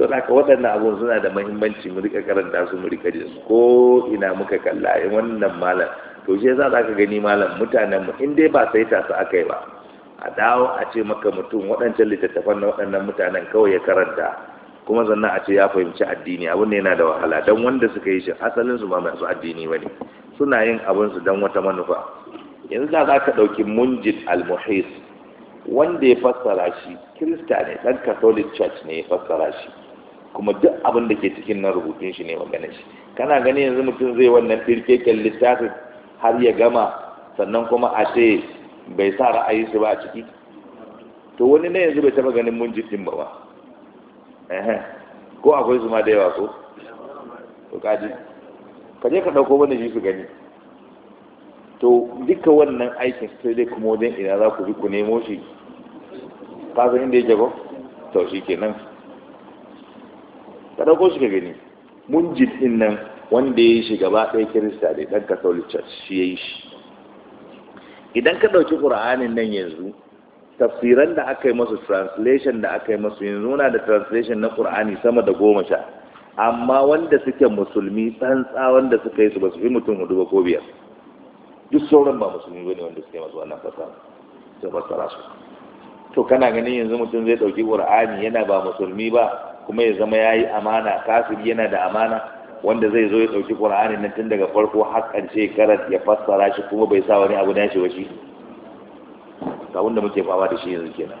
Yau da aka waɗannan abubuwan suna da mahimmanci mu rika karanta su mu rika jin ko ina muka kalla yi eh, wannan malam to shi yasa zaka gani malam mutanen mu in dai ba sai ta su akai ba a dawo a ce maka mutum waɗancan littattafan na waɗannan mutanen kawai ya karanta kuma sannan a ce ya fahimci addini abin ne yana da wahala don wanda suka yi shi asalin su ba masu addini ne. suna yin abin su don wata manufa yanzu da za ka ɗauki munjid al-muhis wanda ya fassara shi kirista ne ɗan catholic church ne ya fassara shi kuma duk abin da ke cikin nan rubutun shi ne magana shi kana gani yanzu mutum zai wannan firkeken littafin har ya gama sannan kuma a ce bai sa ra'ayi su ba a ciki to wani ne yanzu bai taba ganin mun jikin ba ba ko akwai su ma da yawa ko to kaji ka je ka dauko wani ji su gani to duka wannan aikin sai dai kuma wajen ina za ku ji ku nemo shi ka san inda yake ba to shi kenan ka dauko shi ka gani munjid din nan wanda ya yi shi gaba ɗaya kirista da ɗan catholic church shi ya yi shi idan ka ɗauki ƙur'anin nan yanzu tafsiran da aka yi masu translation da aka yi masu yanzu na da translation na ƙur'ani sama da goma sha amma wanda suke musulmi tsantsa wanda suka yi su ba su fi mutum hudu ba ko biyar duk sauran ba musulmi ba ne wanda suke masu wannan fasa sai fassara su to kana ganin yanzu mutum zai ɗauki ƙur'ani yana ba musulmi ba kuma ya zama yayi amana kafin yana da amana wanda zai zo ya dauki qur'ani nan tun daga farko har ce karat ya fassara shi kuma bai sa wani abu dashi ba shi ga wanda muke fama da shi yanzu kenan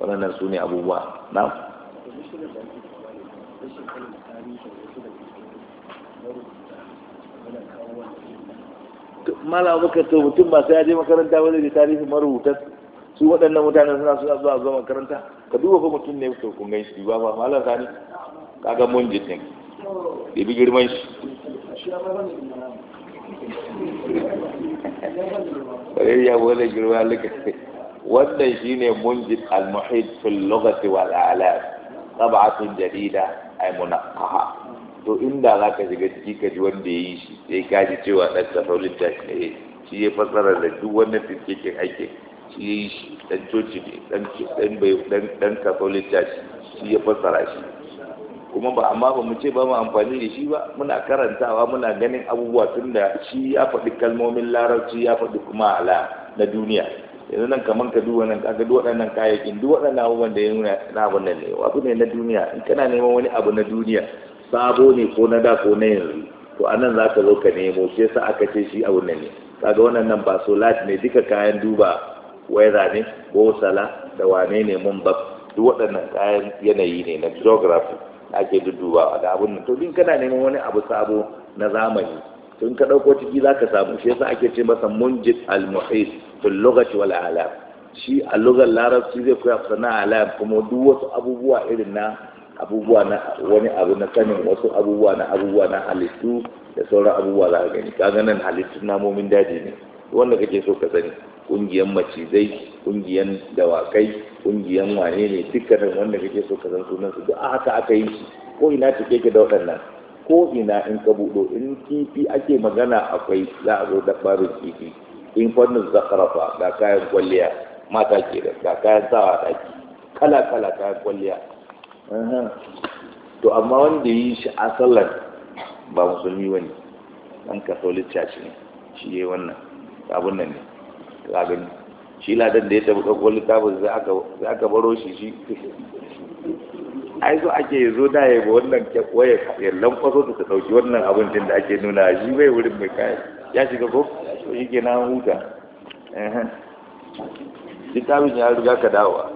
waɗannan su ne abubuwa na mala muka to mutum ba sai ya je makaranta ba zai tarihin marubutan su waɗannan mutanen suna suna zuwa zuwa makaranta ka duba fa mutum ne to kun gaishe ba ba malam sani kaga mun jitin da bi girman shi bare ya wala girma lika wannan shine munjid al-muhit fil lughati wal a'lam tab'atun jadida ay munaqqaha to inda za ka shiga ciki ka ji wanda ya yi shi sai ka ji cewa ɗan tasawulin tashi ne shi ya fasara da duk wannan fiskikin aikin shi ya yi shi dan coci ne dan catholic church shi ya fassara shi kuma ba amma ba mu ce ba mu amfani da shi ba muna karantawa muna ganin abubuwa tun da shi ya faɗi kalmomin larabci ya faɗi kuma ala na duniya yanzu nan kaman ka duba nan kaga duk waɗannan kayayyakin duk waɗannan abubuwan da ya nuna na abun nan ne abu ne na duniya in kana neman wani abu na duniya sabo ne ko na da ko na yanzu to anan za ka zo ka nemo shi yasa aka ce shi abun nan ne kaga wannan nan ba lati ne duka kayan duba zane, ne bosala da wane ne ba duk waɗannan kayan yanayi ne na geography ake dudubawa da abin nan to din kana neman wani abu sabo na zamani tun ka ɗauko ciki za ka samu shi yasa ake ce masa munjid al-muhit fil lugati wal alam shi a lugar larabci zai koya sana alam kuma duk wasu abubuwa irin na abubuwa na wani abu na sanin wasu abubuwa na abubuwa na halittu da sauran abubuwa za ka gani kaga nan halittun namomin daji ne wanda kake so ka sani kungiyan macizai kungiyan dawakai kungiyan wane ne dukkanin wanda kake so ka san sunan su duk haka aka yi shi ko ina cike ke da waɗannan ko ina in ka buɗo in kifi ake magana akwai za a zo da barin kifi in fannin zakarafa ga kayan kwalliya mata ke da ga kayan sawa ɗaki kala kala kayan kwalliya to amma wanda yi shi asalan ba musulmi wani an ka church ne shi yayi wannan abin nan ne za gani shi ladan da ya tafi ɗauko littafin za aka baro shi shi ai zo ake zo da ya ba wannan waya ya lamfaso su ta ɗauki wannan abin abincin da ake nuna shi bai wurin mai kayan ya shiga ko to shi ke na huta littafin ya riga ka dawowa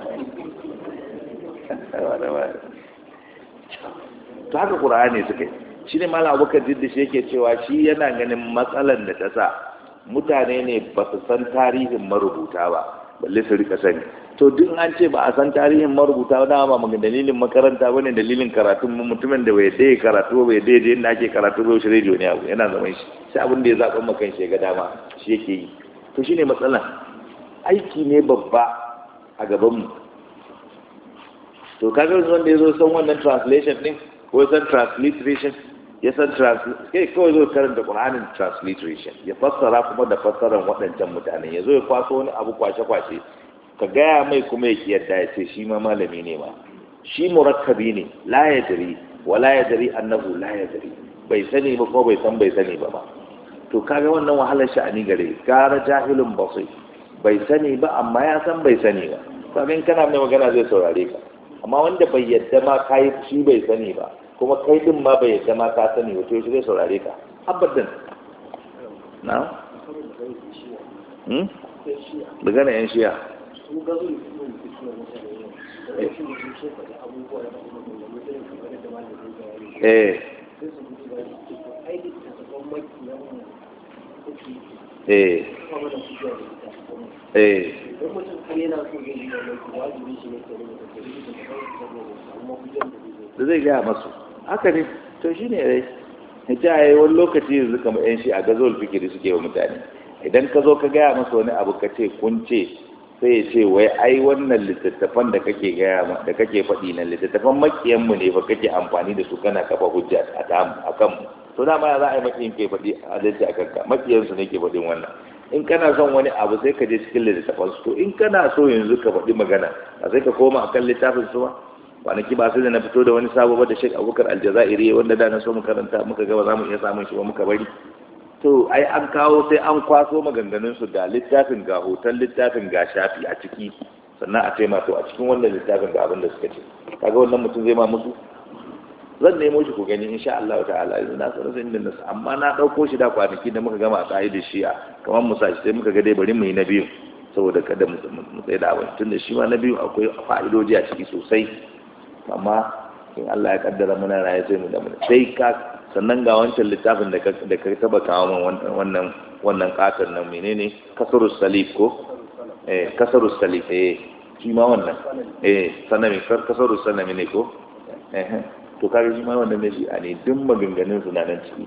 Ta haka ƙura'ani suka yi shi ne malam abokan shi yake cewa shi yana ganin matsalan da ta sa mutane ne ba su san tarihin marubuta ba balle su rika sani to duk an ce ba a san tarihin marubuta ba dama ba dalilin makaranta ba ne dalilin karatu mutumin da bai dai karatu ba bai dai inda ake karatu ba shi rediyo ne abu yana zaman shi sai abin da ya zaɓa maka shi ga dama shi yake yi to shine matsalan aiki ne babba a gaban mu to kaga wanda ya zo san wannan translation din ko san transliteration ya san kai kawai zo karanta Qur'anin transliteration ya fassara kuma da fassaran waɗancan mutane ya zo ya kwaso wani abu kwashe-kwashe ka gaya mai kuma ya ki yadda ya ce shi ma malami ne ma shi murakkabi ne la ya dari wa la ya dari annabu la ya dari bai sani ba ko bai san bai sani ba ba to kaga wannan wahalar sha'ani gare gara jahilun basai bai sani ba amma ya san bai sani ba kaga kana mai magana zai saurare ka amma wanda bai yadda ma kayi shi bai sani ba kuma kai din ma bai yadda ma ka sani wato shi zai saurare ka abadan na daga hmm? na yan shiya eh eh eh da zai gaya masu haka ne to shi ne rai ya yi wani lokaci yanzu kamar yan shi a gazo fikiri suke wa mutane idan ka zo ka gaya masa wani abu ka ce kun ce sai ya ce wai ai wannan littattafan da kake gaya da kake faɗi nan littattafan makiyanmu ne ba kake amfani da su kana kafa hujja a kanmu to na za a yi makiyan ke faɗi a lissa a kanka makiyansu ne ke faɗin wannan in kana son wani abu sai ka je cikin littattafan su to in kana so yanzu ka faɗi magana ba sai ka koma akan littafin su ba kwanaki ba sai da na fito da wani sabo da shek Abubakar Aljazairi wanda da na so mu karanta muka ga za mu iya samun shi ba muka bari to ai an kawo sai an kwaso maganganun su ga littafin ga hoton littafin ga shafi a ciki sannan a taima to a cikin wannan littafin ga abin da suka ce kaga wannan mutum zai ma mutu zan nemo shi ku gani insha Allah ta'ala idan na san da inda nasu amma na dauko shi da kwanaki da muka gama a ƙa'idar shi kamar mu sai muka ga dai bari mu yi na biyu saboda kada mu tsaya da abin tunda shi ma na biyu akwai fa'idoji a ciki sosai amma in Allah ya kaddara muna raye sai mu da mu sai ka sannan ga wancan littafin da ka da ka taba kawo min wannan wannan katon nan menene kasarus salif ko eh kasarus salif eh shi ma wannan eh sanami kar kasarus sanami ne ko eh to kaga shi ma wannan ne shi a ne duk maganganun su na nan ciki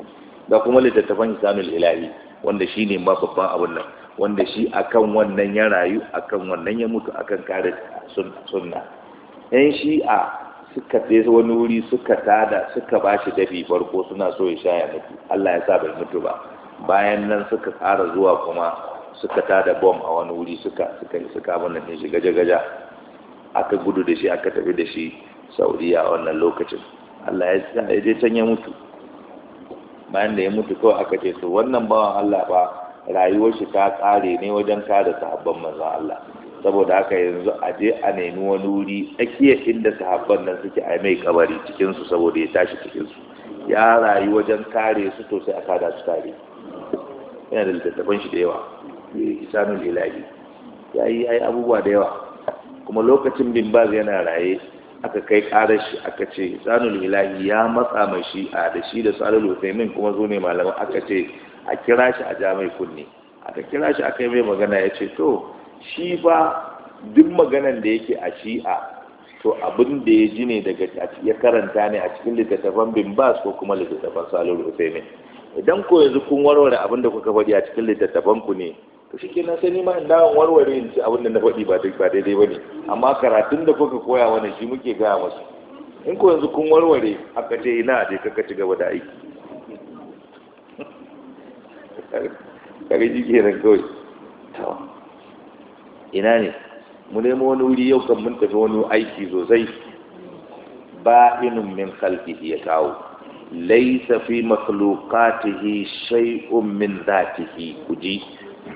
da kuma littattafan hisanul ilahi wanda shi ne ma babban abun nan wanda shi akan wannan ya rayu akan wannan ya mutu akan kare sunna shi a suka je wani wuri suka tada suka ba shi dafi farko suna so ya sha ya mutu Allah ya sa bai mutu ba bayan nan suka ƙara zuwa kuma suka tada bom a wani wuri suka suka suka abin nan shi gaja-gaja aka gudu da shi aka tafi da shi Saudiya a wannan lokacin Allah ya sa ya je can ya mutu bayan da ya mutu kawai aka ce to wannan bawan Allah ba rayuwar shi ta ƙare ne wajen kada sahabban manzon Allah saboda haka yanzu a je a nemi wani wuri tsakiyar inda sahabban nan suke a mai kabari cikinsu saboda ya tashi cikinsu ya rayu wajen kare su to sai a kada su kare yana da littattafan shi da yawa isanul ilahi ya yi ya yi abubuwa da yawa kuma lokacin bin yana raye aka kai karar shi aka ce isanul ilahi ya matsa mai shi a da shi da salul lusaimin kuma zo ne malaman aka ce a kira shi a jami'ai kunne aka kira shi aka yi mai magana ya ce to shi fa duk maganan da yake a shi'a to abin da ya ji ne daga ya karanta ne a cikin littattafan bin bas ko kuma littattafan salul ne. idan ko yanzu kun warware abin da kuka faɗi a cikin littattafan ku ne to shikenan sai ma in dawo warware in ci abin da na faɗi ba daidai ba ne. amma karatun da kuka koya wani shi muke gaya masu in ko yanzu kun warware aka ce ina je kaka ci gaba da aiki kare ji kenan kawai ina ne mu nemo wani wuri yau kan mun tafi wani aiki sosai inu min khalqihi ya kawo laisa fi makhluqatihi shay'un min dhatihi kuji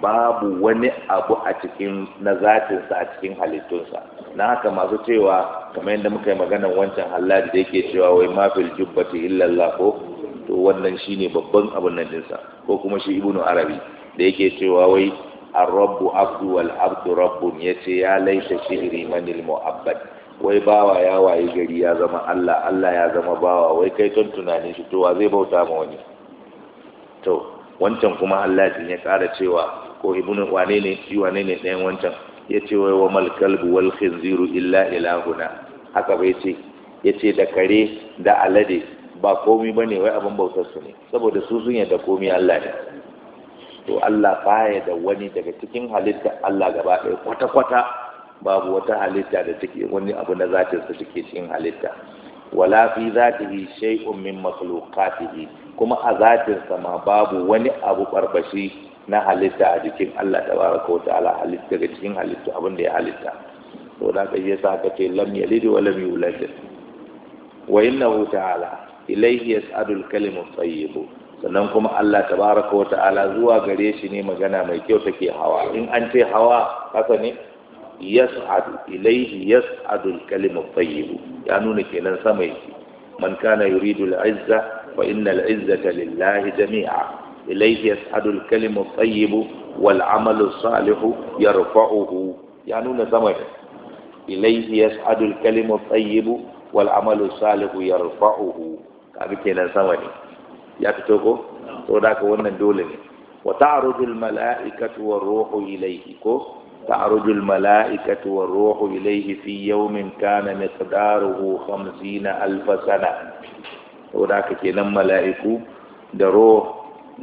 babu wani abu a cikin na zatinsa a cikin halittunsa na haka masu cewa kamar yadda muka yi maganar wancan halladi da yake cewa wai mafil jubbati illallah ko to wannan shine babban abin nan dinsa ko kuma shi ibnu arabi da yake cewa wai arrabu abdu wal abdu rabbun yace ya laita shi'ri manil mu'abbad wai bawa ya wayi gari ya zama Allah Allah ya zama bawa wai kai kan tunanin shi to wa zai bauta ma wani to wancan kuma Allah din ya kara cewa ko ibnu wane ne shi wane ne ɗayan wancan yace wai wa mal kalbu wal khinziru illa ilahuna haka bai ce yace da kare da alade ba komi bane wai abin bautar su ne saboda su sun yadda komi Allah ne to Allah baya da wani daga cikin halitta Allah gaba ɗaya kwata-kwata babu wata halitta da take wani abu na zatinsa take cikin halitta wala fi zatihi shay'un min makhluqatihi kuma a zatinsa ma babu wani abu barbashi na halitta a jikin Allah tabaraka wa ta'ala halitta daga cikin halittu abin da ya halitta to da kai yasa ka ce lam yalid wa lam yulad wa innahu ta'ala ilayhi yas'adul kalimu tayyibu sannan kuma Allah tabaraka wa ta'ala zuwa gare shi ne magana mai kyau take hawa in an ce hawa haka ne yas'adu ilayhi yas'adu al-kalimu tayyib ya nuna kenan sama yake man kana yuridu al-izza fa inna al-izzata lillahi jami'a ilayhi yas'adu al-kalimu tayyib wal 'amalu salihu yarfa'uhu ya nuna sama ilayhi yas'adu al-kalimu tayyib wal 'amalu salihu yarfa'uhu kaga kenan sama ya fito ko saboda haka wannan dole ne wa ta'rujul mala'ikatu war ruhu ilayhi ko ta'rujul mala'ikatu war ruhu ilayhi fi yawmin kana miqdaruhu 50 alf sana saboda haka kenan mala'iku da ruh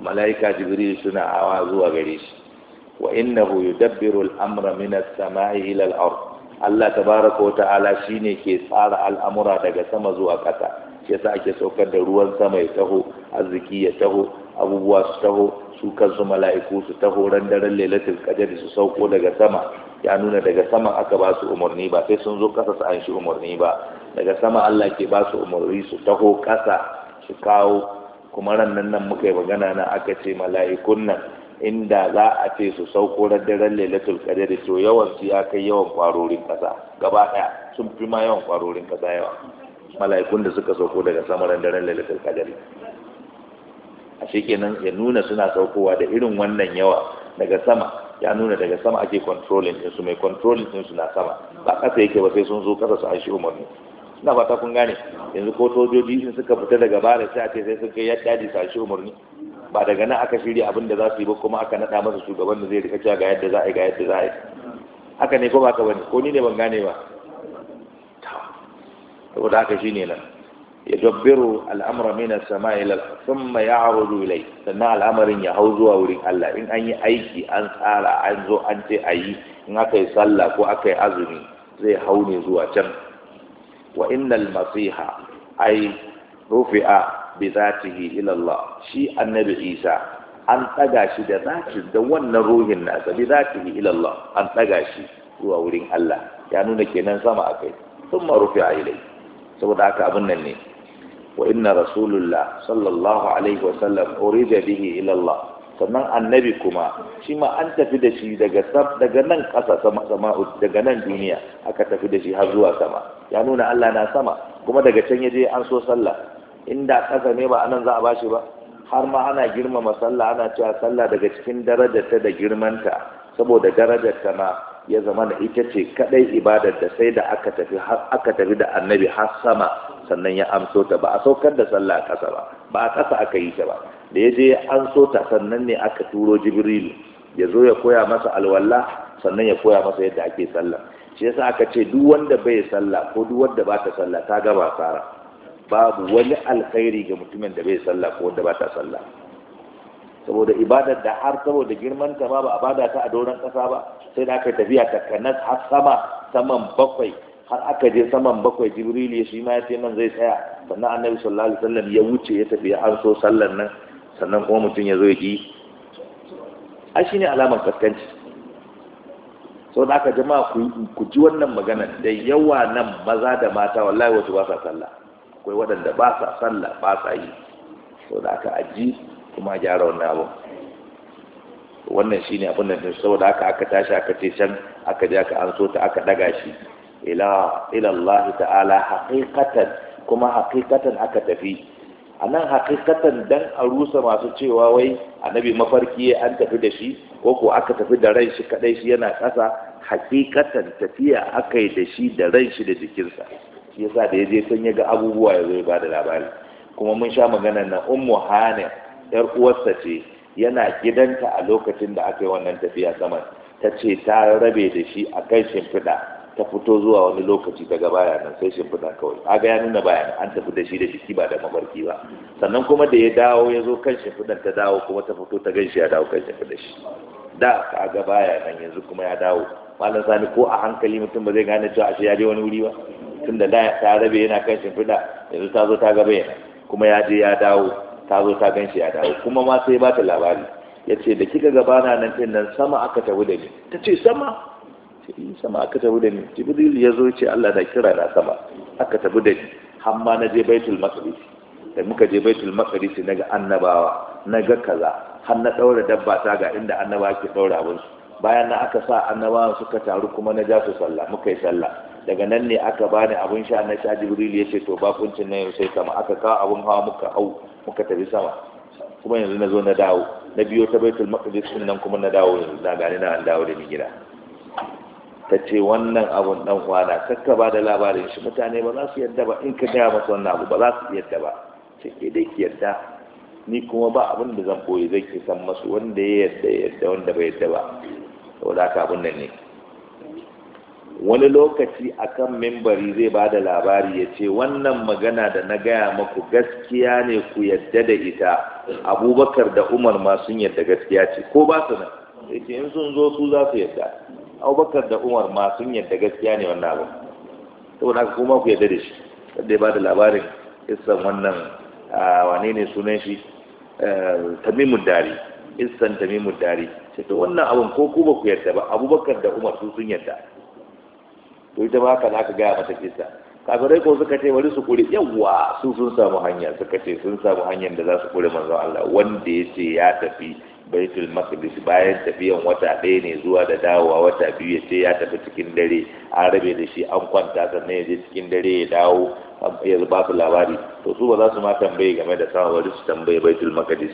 mala'ika jibril suna awa zuwa gare shi wa innahu yudabbiru al-amra min as-sama'i ila al-ard Allah tabaraka wa ta'ala shine ke tsara al'amura daga sama zuwa ƙasa ya sa ake saukar da ruwan sama ya taho arziki ya taho abubuwa su taho su kansu mala'iku su taho ran daren lailatul qadr su sauko daga sama ya nuna daga sama aka ba su umarni ba sai sun zo kasa su an shi umarni ba daga sama Allah ke ba su umarni su taho kasa su kawo kuma ran nan muka yi magana na aka ce mala'ikun nan inda za a ce su sauko ran daren lailatul qadr to yawan su ya kai yawan kwarorin kasa gaba daya sun fi ma yawan kwarorin kasa yawa mala'ikun da suka sauko daga samaran daren lalatar kadari a kenan ya nuna suna saukowa da irin wannan yawa daga sama ya nuna daga sama ake controlling din su mai controlling din su na sama ba kasa yake ba sai sun zo kasa su aishi umarni ina fata kun gane yanzu ko sojoji in suka fita daga bara sai a ce sai sun kai yadda su aishi umarni ba daga nan aka shirya abin da za su yi ba kuma aka naɗa masa shugaban da zai rika cewa ga yadda za a yi ga yadda za a yi haka ne ko ba ka bane ko ni ne ban gane ba saboda haka shine nan ya jabbiru al'amra min sama ila thumma ya'rudu ilay sannan al'amarin ya hau zuwa wurin Allah in an yi aiki an tsara an zo an ce ayi in aka yi sallah ko aka yi azumi zai hau ne zuwa can wa innal masiha ai rufi'a bi zatihi ila Allah shi annabi Isa an ɗaga shi da zatin da wannan ruhin nasa bi zatihi ila Allah an ɗaga shi zuwa wurin Allah ya nuna kenan sama akai suma rufi'a ilai. saboda haka abin nan ne wa inna rasulullah sallallahu alaihi wasallam urida bihi ila Allah sannan annabi kuma shi ma an tafi da shi daga daga nan ƙasa sama sama daga nan duniya aka tafi da shi har zuwa sama ya nuna Allah na sama kuma daga can yaje an so sallah inda ƙasa ne ba anan za a bashi ba har ma ana girmama sallah ana cewa sallah daga cikin darajarta da girmanta saboda darajarta ma ya zama da ita ce kadai ibadar da sai da aka tafi aka tafi da annabi har sama sannan ya amso ta ba a saukar da sallah kasa ba ba a kasa aka yi ta ba da ya je ya amso ta sannan ne aka turo jibrilu ya zo ya koya masa alwala sannan ya koya masa yadda ake sallah shi yasa aka ce duk wanda bai sallah ko duk wanda ba ta sallah ta gaba sara babu wani alkhairi ga mutumin da bai sallah ko wanda ba ta sallah saboda ibadar da har saboda girman ta ba ba a bada ta a doron kasa ba sai da aka tafiya ta kanas har sama saman bakwai har aka je saman bakwai jibril ya shi ma ya ce zai tsaya sannan annabi sallallahu alaihi wasallam ya wuce ya tafi an so sallar nan sannan kuma mutum ya zo ya yi ai shine alamar kaskanci sau da aka jama'a ku ji wannan magana da yawa nan maza da mata wallahi wasu ba sa sallah akwai waɗanda ba sa sallah ba sa yi sau da aka aji kuma gyara wannan abu wannan shi ne abin da saboda haka aka tashi aka ce can aka je aka an so ta aka daga shi ila ta'ala haqiqatan kuma haqiqatan aka tafi a nan hakikatan dan a rusa masu cewa wai annabi mafarki an tafi da shi ko ko aka tafi da ran shi kadai shi yana kasa hakikatan tafiya aka yi da shi da ran shi da jikinsa shi yasa da ya je ya ga abubuwa ya zo ya da labari kuma mun sha maganar na ummu hana yar uwarsa ce yana gidanta a lokacin da aka yi wannan tafiya saman ta ce ta rabe da shi a kan shimfiɗa ta fito zuwa wani lokaci daga baya nan sai shimfiɗa kawai a ga ya nuna baya an tafi da shi da jiki ba da mafarki ba sannan kuma da ya dawo ya zo kan shimfiɗan ta dawo kuma ta fito ta gan shi ya dawo kan shimfiɗa shi da ga baya nan yanzu kuma ya dawo malam sani ko a hankali mutum ba zai gane cewa ashe ya je wani wuri ba tunda da ta rabe yana kan shimfiɗa yanzu ta zo ta ga bayyana kuma ya je ya dawo ta zo ta gan shi ya dawo kuma ma sai ba ta labari ya ce da kika na nan ɗin nan sama aka tabu da ni ta ce sama ce eh, sama aka tabu da ni jibril ya zo ce Allah na kira na sama aka tabu da ni har na je baitul maqdis da muka je baitul maqdis na ga annabawa na ga kaza har na daura dabba ta ga inda annabawa ke daura abin bayan na aka sa annabawa suka taru kuma na ja su sallah muka yi sallah daga nan ne aka bani abin sha na sha jibril ya ce to bakuncin nan yau sai sama aka kawo abin hawa muka hau muka tafi sama kuma yanzu na zo na dawo na biyo ta baitul maqdis sun nan kuma na dawo yanzu na gani na an dawo da ni gida ta ce wannan abun dan uwana kakka ba da labarin shi mutane ba za su yadda ba in ka gaya masa wannan abu ba za su yadda ba sai ke dai ki yadda ni kuma ba abin da zan koyi zai ke san masu wanda ya yadda yadda wanda bai yadda ba saboda haka abun nan ne wani lokaci akan mimbari zai ba da labari ya ce wannan magana da na gaya maku gaskiya ne ku yadda da ita abubakar da umar ma sun yadda gaskiya ce ko ba su nan ya ce in sun zo su za su yadda abubakar da umar ma sun yadda gaskiya ne wannan abu wani aka kuma ku yadda da shi kada ya ba da labarin isan wannan wane ne sunan shi eh, tamimun dari isan tamimun dari ce to wannan abun ko ku ba ku yadda ba abubakar da umar su sun yadda to ita ma haka za ka gaya mata kisa kafirai ko suka ce bari su kuri yawa su sun samu hanya suka ce sun samu hanyar da za su kuri manzon Allah wanda ya ce ya tafi baitul maqdis bayan tafiyan wata ɗaya ne zuwa da dawowa wata biyu ya ce ya tafi cikin dare an rabe da shi an kwanta sannan ya je cikin dare ya dawo ya ba su labari to su ba za su ma tambaye game da sama bari su tambaye baitul maqdis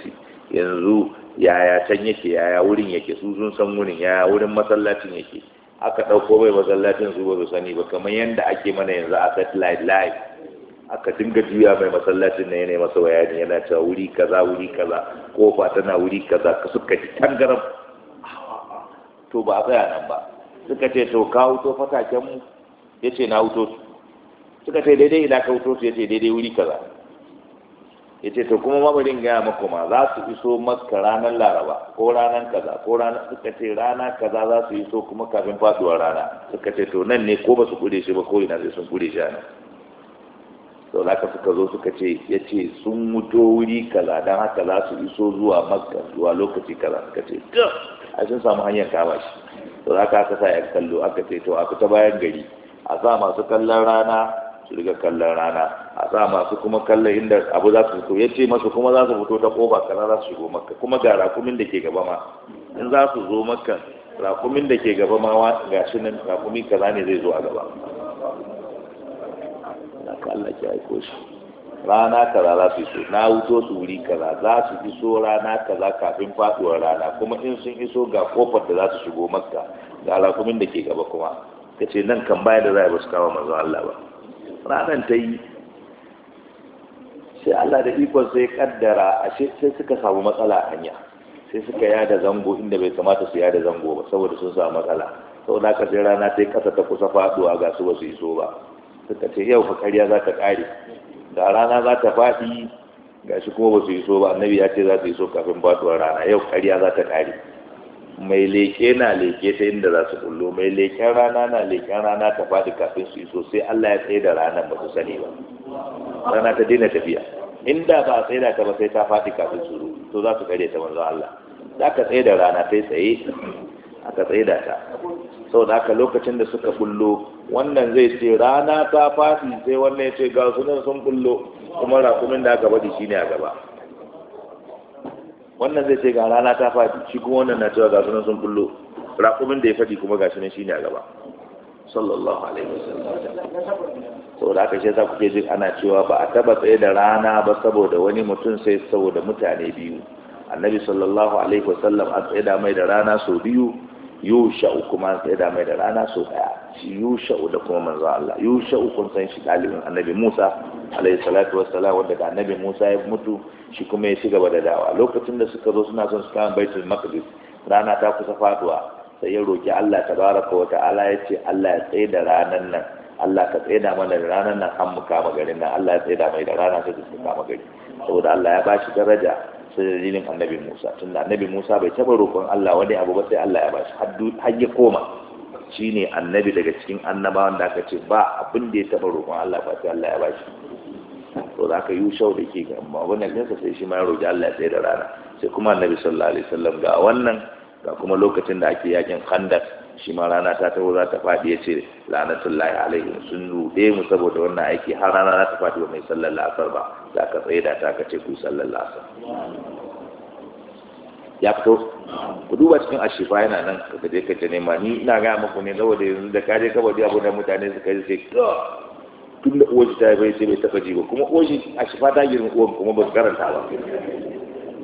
yanzu yaya can yake yaya wurin yake su sun san wurin yaya wurin masallacin yake aka ɗauko mai masallacin su da su sani ba kamar yadda ake mana yanzu a satellite live aka dinga juya mai masallacin na yanayi masa bayani yana cewa wuri kaza wuri kaza kofa tana wuri kaza ka suka ji tangaram to ba a tsaya nan ba suka ce to ka wuto fatakenmu ya ce na wuto su suka ce daidai ina ka wuto su ya ce daidai wuri kaza ya ce to kuma mabarin gaya maku ma za su iso maka ranar laraba ko ranar kaza ko ranar suka ce rana kaza za su iso kuma kafin faduwar rana suka ce to nan ne ko ba su kure shi ba ko ina sai sun kure shi ana to zaka suka zo suka ce ya ce sun muto wuri kaza don haka za su iso zuwa maka zuwa lokaci kaza suka ce a sun samu hanyar kama shi to zaka aka sa ya kallo aka ce to a fita bayan gari a sa masu kallon rana su riga kallon rana a sa masu kuma kallon inda abu za su fito ya ce masu kuma za su fito ta kofa kana za su shigo makka kuma ga rakumin da ke gaba ma in za su zo makka rakumin da ke gaba ma ga shi nan rakumi kaza ne zai zo a gaba aiko shi rana kaza za su iso na wuto su wuri kaza za su iso rana kaza kafin faduwar rana kuma in sun iso ga kofar da za su shigo makka ga rakumin da ke gaba kuma kace nan kan baya da za a ba su kawo manzon Allah ba ranar ta yi sai Allah da ikon sai kaddara a sai suka samu matsala a hanya sai suka yada zango inda bai kamata su yada zango ba saboda sun samu matsala sau na kasar rana ta yi kasa ta kusa faduwa ga su wasu iso ba suka ce yau fa karya za ta kare da rana za ta faɗi ga shi kuma wasu iso ba annabi ya ce za su iso kafin faduwar rana yau karya za ta kare mai leke na leke ta inda za su bullo mai leken rana na leken rana ta faɗi kafin su iso sai Allah ya tsaye da ranar ba su sani ba rana ta daina tafiya inda ba a tsaye da ta ba sai ta faɗi kafin su to za su kare ta manzo Allah za ka tsaye da rana ta tsaye aka tsaye da ta sau da aka lokacin da suka bullo wannan zai ce rana ta faɗi sai wannan ya ce ga sunan sun bullo kuma rakumin da aka faɗi shine a gaba wannan zai ce ga rana ta faɗi shi kuma wannan na cewa ga sunan sun kullo raƙumin da ya faɗi kuma ga sunan shi ne a gaba sallallahu alaihi wasallam da aka ce za ku ke jin ana cewa ba a taba tsaye da rana ba saboda wani mutum sai saboda mutane biyu annabi sallallahu alaihi wasallam a tsaye da mai da rana sau biyu yusha'u kuma sai da mai da rana so daya shi yusha'u da kuma manzon Allah yusha'u kun san shi dalibin annabi Musa alaihi salatu wassalam wanda da annabi Musa ya mutu shi kuma ya ci gaba da dawa lokacin da suka zo suna son su kama baitul maqdis rana ta kusa faduwa sai ya roki Allah tabaraka wa ta'ala ya ce Allah ya tsaye da ranan nan Allah ka da mana da ranan nan an mu kama garin nan Allah ya da mai da rana ta su kama gari saboda Allah ya bashi daraja ta dalilin annabi Musa da annabi Musa bai taba roƙon Allah wani abu ba sai Allah ya bashi har ya koma shine annabi daga cikin annabawan da aka ce ba abin da ya taba roƙon Allah ba sai Allah ya shi to da aka shau da ke gamba wannan kansa sai shi ma ya roƙi Allah sai da rana sai kuma annabi sallallahu alaihi wasallam ga wannan ga kuma lokacin da ake yakin khandak shi ma rana ta taho za ta faɗi ya ce lanatun lahi alaihi sun nuɗe mu saboda wannan aiki har rana za ta faɗi ba mai sallar la'asar ba za ka tsaye da ta kace ku sallar la'asar ya fito ku duba cikin ashifa yana nan ka je ka ma ni ina gaya maku ne saboda yanzu da kaje ka bari abu da mutane su yi sai tun da uwaji ta bai sai bai taɓa ji ba kuma shi ashifa ta girma uwa kuma ba su karanta ba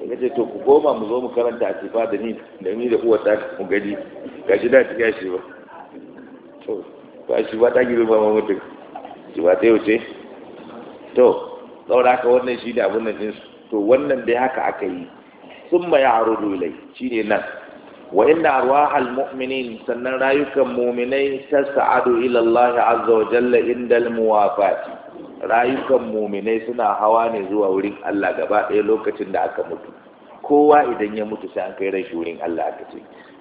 ya ce to ku koma mu zo mu karanta a tifa da ni da ni da kuwa ta mu gani ga shi da ta gashi ba to ba shi ba ta girma ma mutum shi ba ta ce. to saboda haka wannan shi da abun nan din to wannan dai haka aka yi sun ma ya'rudu ilai shine nan wa inna arwahal mu'minin sannan rayukan mu'minai tas'adu ila Allah azza wa jalla indal muwafati rayukan muminai suna hawa ne zuwa wurin Allah gaba ɗaya lokacin da aka mutu kowa idan ya mutu sai an kai ran shi wurin Allah aka ce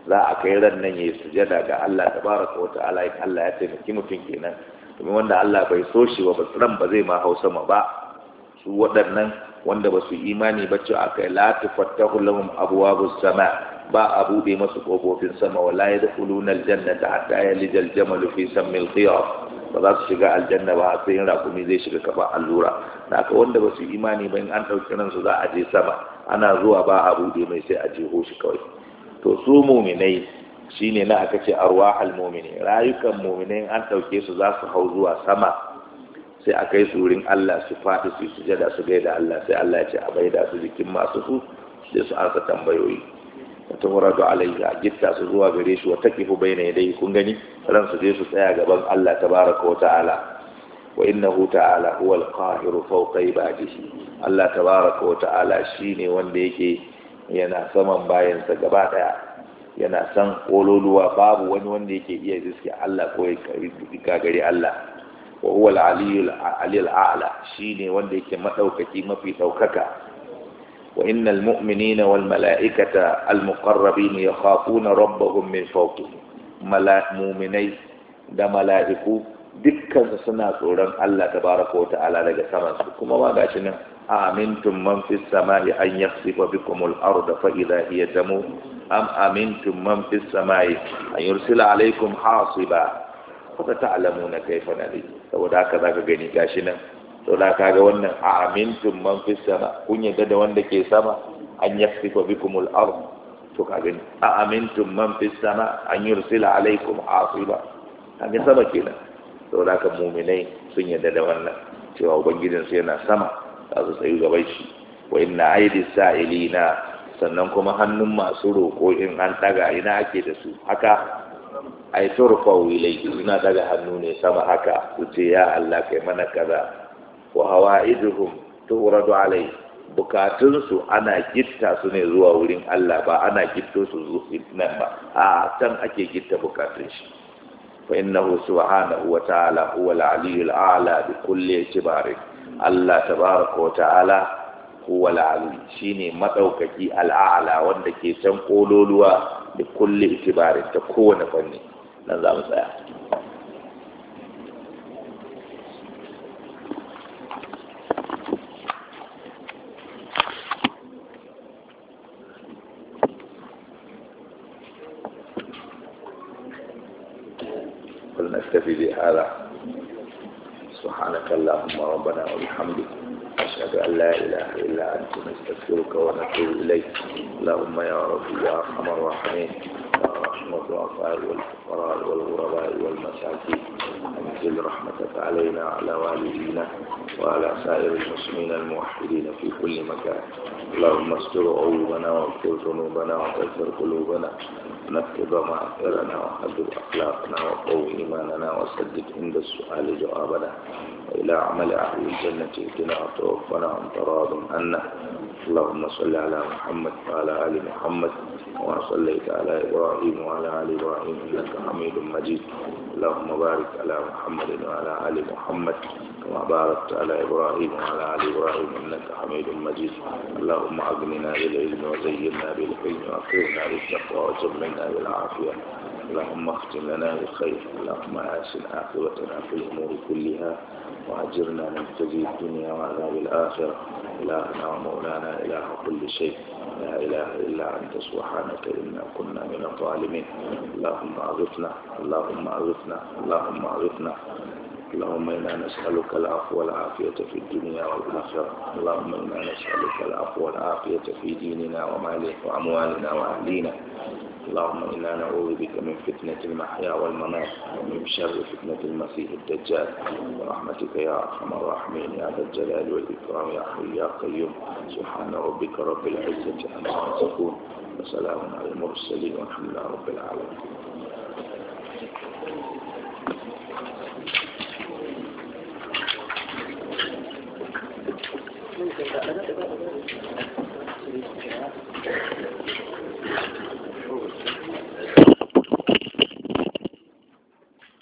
za a kai ran nan ya sujada ga Allah tabaraka wa ta'ala in Allah ya taimaki mutum kenan domin wanda Allah bai so shi ba ran ba zai ma hau sama ba su waɗannan wanda ba su imani ba cewa akai la tufattahu lahum abwabus sama ba a buɗe masu ƙofofin sama wala ya dukulu na aljannata hatta ya lija aljamalu fi sammil ba za su shiga aljanna ba sai yin rakumi zai shiga kafa allura na aka wanda ba su imani ba in an ɗauki ransu za a je sama ana zuwa ba a buɗe mai sai a jeho shi kawai to su muminai shine na aka ce arwa almumini rayukan muminai an ɗauke su za su hau zuwa sama sai a kai su wurin Allah su faɗi su sujada su gaida Allah sai Allah ya ce a da su jikin masu su sai su ansa tambayoyi wata muradu alaihi a gitta su zuwa gare shi wa taqifu bayna yadayhi kun gani ran su je su tsaya gaban Allah tabaraka wa ta'ala wa innahu ta'ala huwa al-qahiru fawqa ibadihi Allah tabaraka wa ta'ala shine wanda yake yana saman bayansa gaba daya yana san kololuwa babu wani wanda yake iya riske Allah ko ya gagare Allah wa huwa al ala shine wanda yake madaukaki mafi daukaka وإن المؤمنين والملائكة المقربين يخافون ربهم من فوقهم مؤمني da mala'iku dukkan suna tsoron Allah tabaraka wa ta'ala daga saman su kuma ma gashi nan amintum man fis samai an yakhsifa bikum al arda fa idha hiya tamur am amintum man fis samai an yursila alaykum hasiba fa ta'lamuna kayfa nadi saboda haka zaka gani gashi nan to da kaga wannan a amintum man fis sama kun yadda da wanda ke sama an yasifa bikumul ard to kaga ni a amintum man fis sama an yursila alaikum asiba kaga sama kenan to da ka mu'minai sun yadda da wannan cewa ubangijin su yana sama za su tsayu gaban shi wa inna aidi sa'ilina sannan kuma hannun masu roƙo in an daga ina ake da su haka ai turfa wilai ina daga hannu ne sama haka su ce ya Allah kai mana kaza wa hawaiduhum tuhradu alai bukatunsu ana gitta su ne zuwa wurin Allah ba ana gitto su nan ba A'a, can ake gitta bukatun shi fa innahu subhanahu wa ta'ala huwa al-aliyyul a'la Allah tabaraka wa ta'ala huwa al-ali shine madaukaki al wanda ke can ƙololuwa bi kulli itibari ta kowane fanni nan za mu tsaya ورحمة الضعفاء والفقراء والغرباء والمساكين أنزل رحمتك علينا على والدينا وعلى سائر المسلمين الموحدين في كل مكان اللهم استر عيوبنا واغفر ذنوبنا وتذكر قلوبنا نكتب مآثرنا وحدد أخلاقنا وقو إيماننا وسدد عند السؤال جوابنا إلى عمل أهل الجنة اهدنا وتوفنا عن تراض عنا اللهم صل على محمد وعلى آل محمد وصليت صليت على إبراهيم وعلى آل إبراهيم إنك حميد مجيد اللهم بارك على محمد وعلى آل محمد كما باركت على إبراهيم وعلى آل إبراهيم إنك حميد مجيد اللهم أغننا بالعلم وزينا بالحلم وأكرمنا بالتقوى وجملنا بالعافية اللهم اختم لنا بخير اللهم احسن عاقبتنا في الامور كلها واجرنا من خزي الدنيا وعذاب الاخره الهنا ومولانا اله كل شيء لا اله الا انت سبحانك انا كنا من الظالمين اللهم اغثنا اللهم اغثنا اللهم اغثنا اللهم إنا نسألك العفو والعافية في الدنيا والآخرة اللهم إنا نسألك العفو والعافية في ديننا ومالنا وأموالنا وأهلينا اللهم إنا نعوذ بك من فتنة المحيا والممات ومن شر فتنة المسيح الدجال برحمتك يا أرحم الراحمين يا ذا الجلال والإكرام يا حي يا قيوم سبحان ربك رب العزة عما يصفون وسلام على المرسلين والحمد لله رب العالمين Thank you.